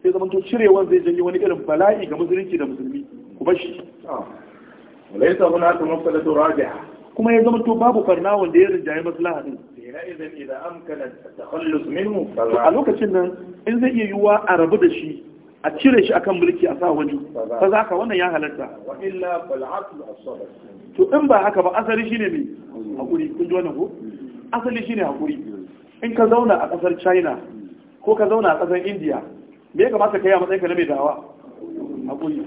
sai zamanto cirewan zai janyo wani irin bala'i ga musulunci da musulmi ku bashi وليس هناك mafsalatu راجعة kuma ya zamanto babu farna da ya rinjaye maslaha din a lokacin nan in zai iya yiwuwa a rabu da shi a cire shi akan mulki a sa wani ta za ka wannan ya halarta to in ba haka ba asali shine ne hakuri kun ji wannan ko asali shine hakuri in ka zauna a kasar china ko ka zauna a kasar india me ya kamata ka yi a matsayin ka na mai dawa hakuri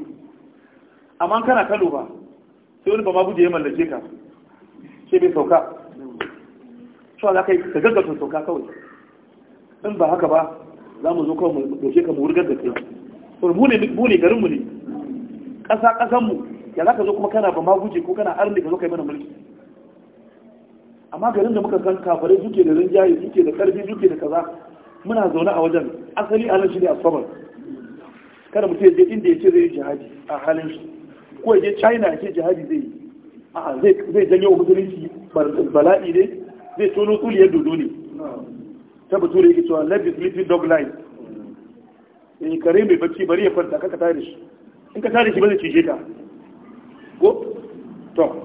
amma kana kano ba sai wani ba ma buje ya mallake ka sai bai sauka cewa za kai ka gaggata sauka kawai in ba haka ba za mu zo kawai mu doke ka mu wurgar da kai to mu ne mu ne garin mu ne ƙasa ƙasan mu ya za ka zo kuma kana ba maguje ko kana arni ka zo kai mana mulki amma garin da muka san kafare suke da rinjaye suke da karfi suke da kaza muna zaune a wajen asali a nan shi ne saman kada mutum ya je inda ya ce zai yi jihadi a halin shi ko ya je china ya ce jihadi zai yi a'a zai janyo musulunci bala'i ne zai tono ya dodo ne ta bature yake cewa let this sleeping dog lie in eh, kare mai bacci bari ya kwanta kaka tare shi in ka tare shi ba zai cije ka go to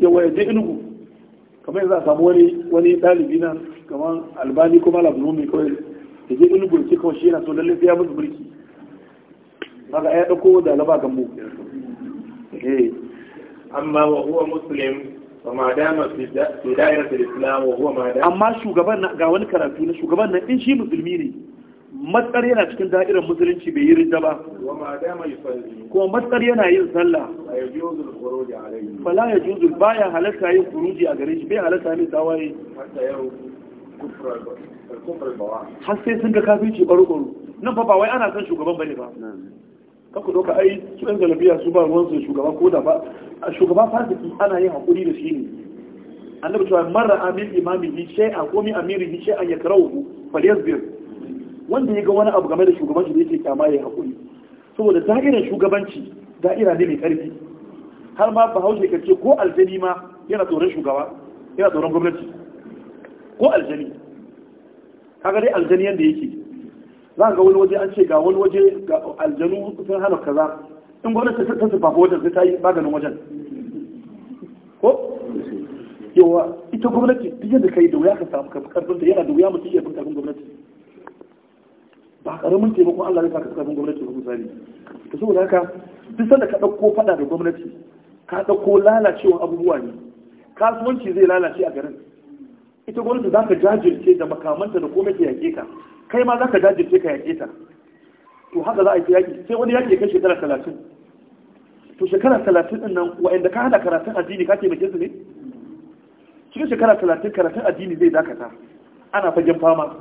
ya ya je inugu kamar yanzu a samu wani wani dalibi nan kamar albani kuma labnu mai kawai da je inugu ya ce kawai shi yana so lallai sai ya musu mulki ga ya ɗauko da laba gambo amma wa huwa muslim wa ma dama fi da'iratul islam wa huwa ma dama amma shugaban ga wani karatu na shugaban nan in shi musulmi ne matsar yana cikin da'irar musulunci bai yi rinda ba kuma matsar yana yin sallah fala ya juzul baya halatta yin kuruji a gare shi bai halatta mai tawaye har sai sun ga kafin ci ɓaru-ɓaru nan fa ba wai ana son shugaban bane ba kaku doka ai su ɗan su ba ruwan su shugaba ko da ba shugaba fasiki ana yin hakuri da shi ne annabi cewa marra amir imami bi shay a komi amiri bi shay an yakrahu falyazbir wanda ya ga wani abu game da shugabanci da yake kama ya hakuri saboda da'irar shugabanci da'ira ne mai karfi har ma bahaushe ka ce ko aljani ma yana tsoron shugaba yana tsoron gwamnati ko aljani kaga dai aljani yanda yake za ga wani waje an ce ga wani waje ga aljanu sun hana kaza in gwamnati ta tafi fafa wajen sai ta yi maganin wajen ko yawa ita gwamnati duk yadda kai da wuya ka samu karfin da yana da wuya mutum iya bin karfin gwamnati ba karamin taimakon Allah ya saka karfin gwamnati ba misali to saboda haka duk sanda ka ɗauko faɗa da gwamnati ka ɗauko lalacewa abubuwa ne kasuwanci zai lalace a garin ita gwamnati za ka jajirce da makamanta da komai ke yake ka kai ma za ka jajirce ka yaƙe ta to haka za a yi yaƙi sai wani yaƙi ya kai shekara talatin to shekara talatin ɗin nan wa'anda ka hana karatun addini ka bakin su ne cikin shekara talatin karatun addini zai dakata ana fagen fama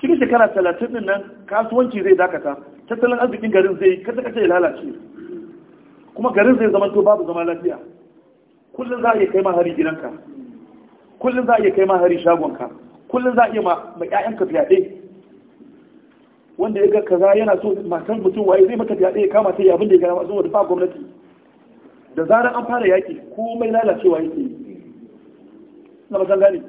cikin shekara talatin ɗin nan kasuwanci zai dakata tattalin arzikin garin zai kasa kasa ya lalace kuma garin zai zama to babu zama lafiya kullum za a iya kai ma hari gidanka kullum za a iya kai ma hari shagonka kullum za a iya ma 'ya'yanka fyaɗe wanda ya ga kaza yana so matan mutum waye zai mata fyaɗe ya kama sai abin da ya gana masu wadda ba gwamnati da zarar an fara yaƙi komai lalacewa yake na masan gani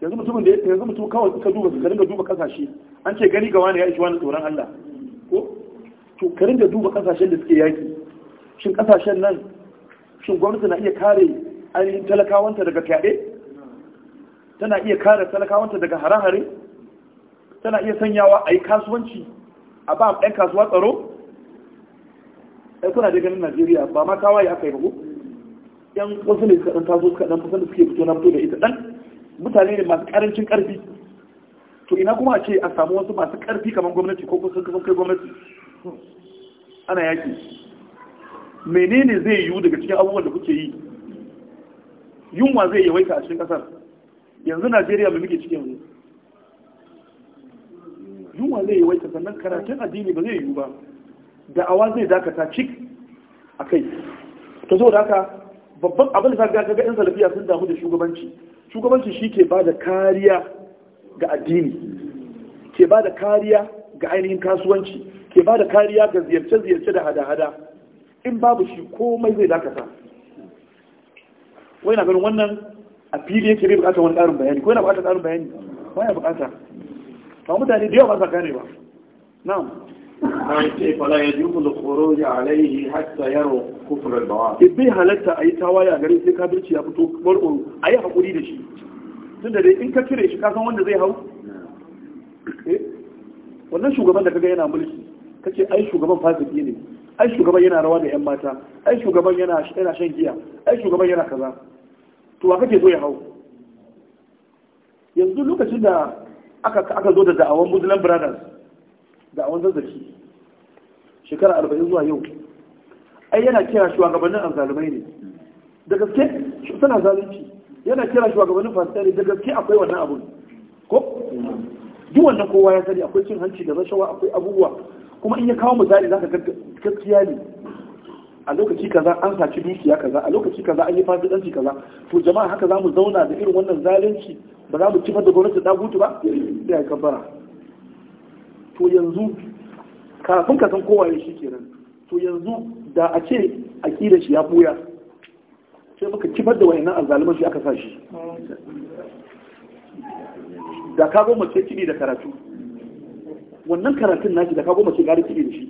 yanzu mutumin da yanzu mutum kawai suka duba suka dinga duba kasashe an ce gani ga wani ya ishi wani tsoron Allah ko to ka dinga duba kasashen da suke yaƙi shin kasashen nan shin gwamnati na iya kare ainihin talakawanta daga fyaɗe tana iya kare talakawanta daga hare-hare tana iya sanyawa a yi kasuwanci a ba ɗan kasuwa tsaro ɗan kuna da ganin najeriya ba ma kawai aka yi ba ko yan wasu ne suka ɗan taso suka ɗan fasan da suke fito na fito da ita ɗan mutane ne masu ƙarancin ƙarfi to ina kuma a ce a samu wasu masu ƙarfi kamar gwamnati ko kusan kusan kai gwamnati ana yaƙi menene zai yiwu daga cikin abubuwan da kuke yi yunwa zai yawaita a cikin ƙasar yanzu najeriya mu muke cikin yanzu yunwa zai yawaita sannan karatun addini ba zai yiwu ba da'awa zai dakata cik a kai ta zo da babban abin da ta ga yan salafiya sun damu da shugabanci shugabanci shi ke ba da kariya ga addini ke ba da kariya ga ainihin kasuwanci ke ba da kariya ga ziyarce-ziyarce da hada-hada in babu shi komai zai dakata wai na ganin wannan a fili yake bai bukatar wani ƙarin bayani ko yana bukatar ƙarin bayani ba ya bukata ba mutane da yawa ba sa gane ba na'am bai halatta a yi tawaye a gari sai ka kabirci ya fito warwaro a yi haƙuri da shi tun da dai in ka cire shi kasan wanda zai hau eh? wannan shugaban da kaga yana mulki kace ai shugaban fasiki ne ai shugaban yana rawa da yan mata ai shugaban yana yana shan giya ai shugaban yana kaza to wa kake so ya hau yanzu lokacin da aka zo da da'awan muslim brothers da'awan zazzaki shekara arba'in zuwa yau ai yana kira shugabannin azalumai ne da gaske suna zalunci yana kira shugabannin fasita ne da gaske akwai wannan abun ko duk wannan kowa ya sani akwai cin hanci da rashawa akwai abubuwa kuma in ya kawo misali ka gaskiya ne a lokaci kaza an saci dukiya kaza a lokaci kaza an yi fasidanci kaza to jama'a haka za mu zauna da irin wannan zalunci ba za mu ci da gwamnati ta gutu ba sai ya kabbara to yanzu kafin ka san kowa ya shi kenan to yanzu da a ce akida shi ya buya sai muka cifar da wayannan azzaluman shi aka sa shi da ka goma ce kiɗi da karatu wannan karatun naki da ka goma ce gari kiɗi da shi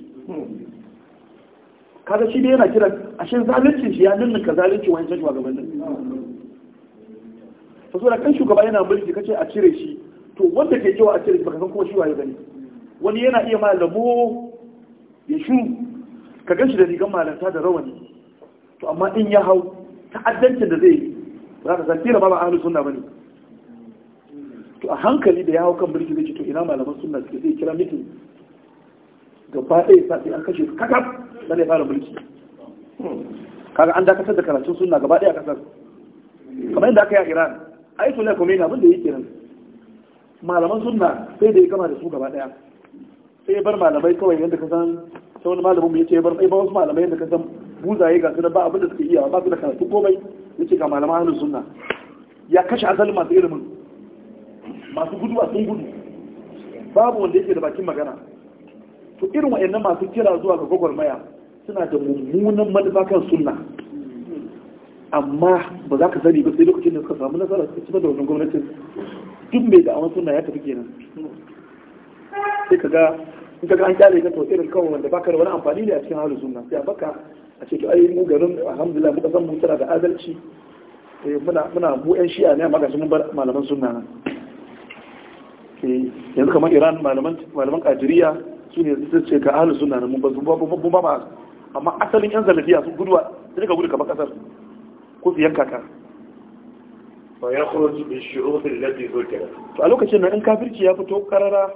kaga shi dai yana kira shi zalincin shi ya ninninka zalincin wani canjuwa gabanin ta so da kan shugaba yana mulki kace a cire shi to wanda ke cewa a cire shi baka san kuma shi waye gani wani yana iya ma labo ya shu ka gan shi da rigar malanta da rawani to amma in ya hau ta'addancin da zai yi za ka san ba ba ba ahlus sunna bane to a hankali da ya hau kan mulki zai ce to ina malaman sunna suke zai kira mitin gaba ɗaya sa an kashe su kakaf da ne fara mulki kaga an dakatar da karatun suna gaba ɗaya kasar kamar yadda aka yi a iran a yi sunan kuma abin da ya kiran malaman suna sai da ya gama da su gaba ɗaya sai ya bar malamai kawai yadda ka san sai wani malamin ya ce ya bar ba wasu malamai yadda ka san buzaye ga su da ba abin da suke iya ba su da karatu komai ya ce ga malaman hannun suna ya kashe asalin masu ilimin masu gudu a sun gudu babu wanda yake da bakin magana to irin wa'annan masu kira zuwa ga gwagwarmaya suna da mummunan manufa kan sunna amma ba za ka sani ba sai lokacin da suka samu nasara suka ci da wannan gwamnatin duk mai da awon sunna ya tafi kenan sai ka ga in ka ga an kyale ka to irin kawai wanda baka da wani amfani ne a cikin halin sunna sai a baka a ce to ai mu garin alhamdulillah mu kasan mu tana da adalci eh, muna muna mu yan shi'a ne amma ga mun bar malaman suna nan eh, yanzu kamar Iran malaman malaman Kajiriya su ne sai ce ga ahalu suna mun ba su ba ba amma asalin yan zalafiya sun guduwa sai ka gudu ka kasar ko su yanka ka fa ya khuruj bi shuruh allati dhukira to a lokacin nan in kafirci ya fito karara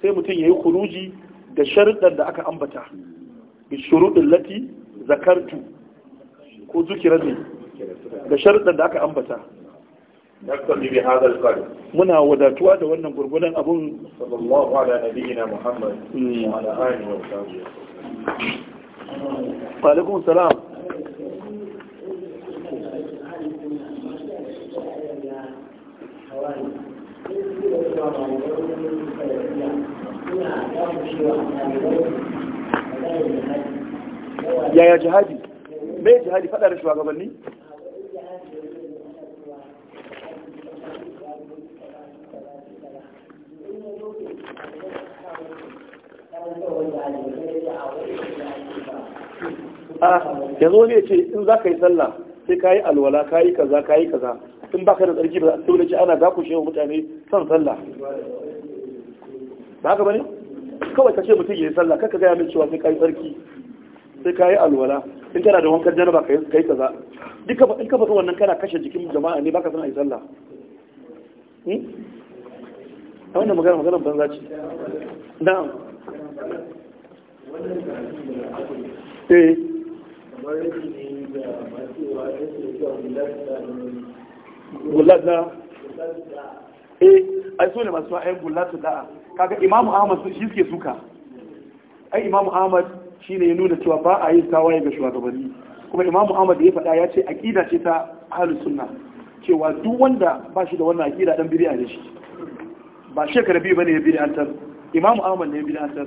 sai mutum yayi khuruji da sharuɗan da aka ambata bi shuruh allati zakartu ko zukira ne da sharuɗan da aka ambata نكتفي بهذا القدر منا وداتوا ده wannan gurgulan abun sallallahu ala nabiyyina muhammad wa ala alihi wa sahbihi wa alaikum salam yaya jihadi mai jihadi fada da shugabanni yanzu wani ya ce in za ka yi sallah sai ka yi alwala ka yi kaza ka yi kaza in baka da tsarki ba sai ce ana za ku wa mutane son sallah ba haka bane kawai ka ce mutum ya yi sallah kaka gaya min cewa sai ka yi tsarki sai ka yi alwala in kana da wankan janaba ka yi kaza duka in ka faɗi wannan kana kashe jikin jama'a ne baka son a yi sallah a hmm? wannan magana banza ce na'am eh gullata eh ai so ne masu ayan gullata da'a kaga imamu ahmad shi suke suka ai imamu ahmad shi ne ya nuna cewa ba a yin tawaye ga shugabanni kuma imamu ahmad ya faɗa ya ce aƙida ce ta ahlus sunna cewa duk wanda ba shi da wannan aƙida dan bid'a ne shi ba shekara biyu bane ya bid'antar imamu ahmad ne ya bid'antar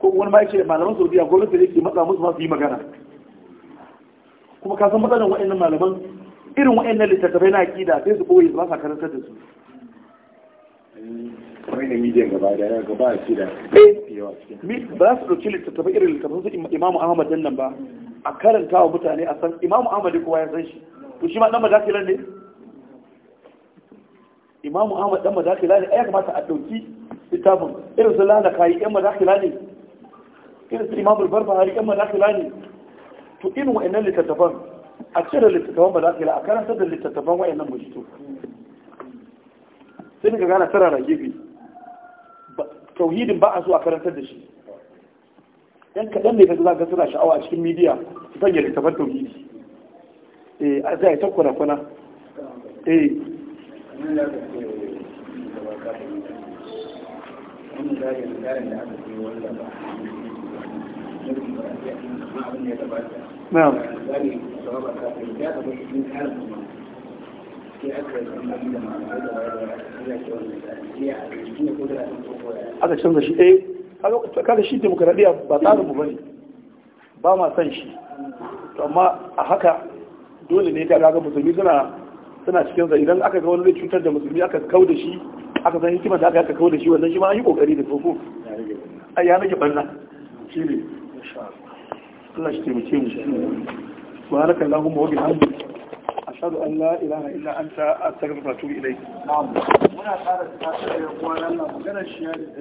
ko wani ma yake malaman saudiya gwamnati ne ke matsa musu masu yi magana kuma ka san matsalar wa'annan malaman irin wa'annan littattafai na aƙida sai su koyi ba sa karantar da su wani eh, midiyan ba su ɗauki littattafai irin littattafai su imamu ahmad nan ba a karanta wa mutane a san imamu ahmad kowa ya san shi to shi ma dan madakilan ne imamu ahmad dan madakila ne ya kamata a ɗauki littafin irin su lana kayi yan madakila ne irin su imamul barbahari yan manakila ne to irin wa'annan littattafan a cire littattafan manakila a karanta da littattafan wa'annan mujito sai daga gana tara na gefe tauhidin ba a so a karantar da shi yan kaɗan ne ka za ka suna sha'awa a cikin midiya su sanya littattafan tauhidi eh a zai ta kwana-kwana eh wannan da aka wanda ba na'am aka canza shi eh kaga shi demokradiya ba tsarin mu bane ba ma san shi to amma a haka dole ne kaga ga musulmi suna suna cikin sa idan aka ga wani zai cutar da musulmi aka kau da shi aka san hikimar da aka kau da shi wannan shi ma an yi kokari da koko ai ya nake banna. shi ne Allah shi taimake mu subhanaka allahumma wa bihamdika ashhadu an la ilaha illa anta astaghfiruka wa atubu ilayk na'am muna tsara tsara da kuma nan magana shi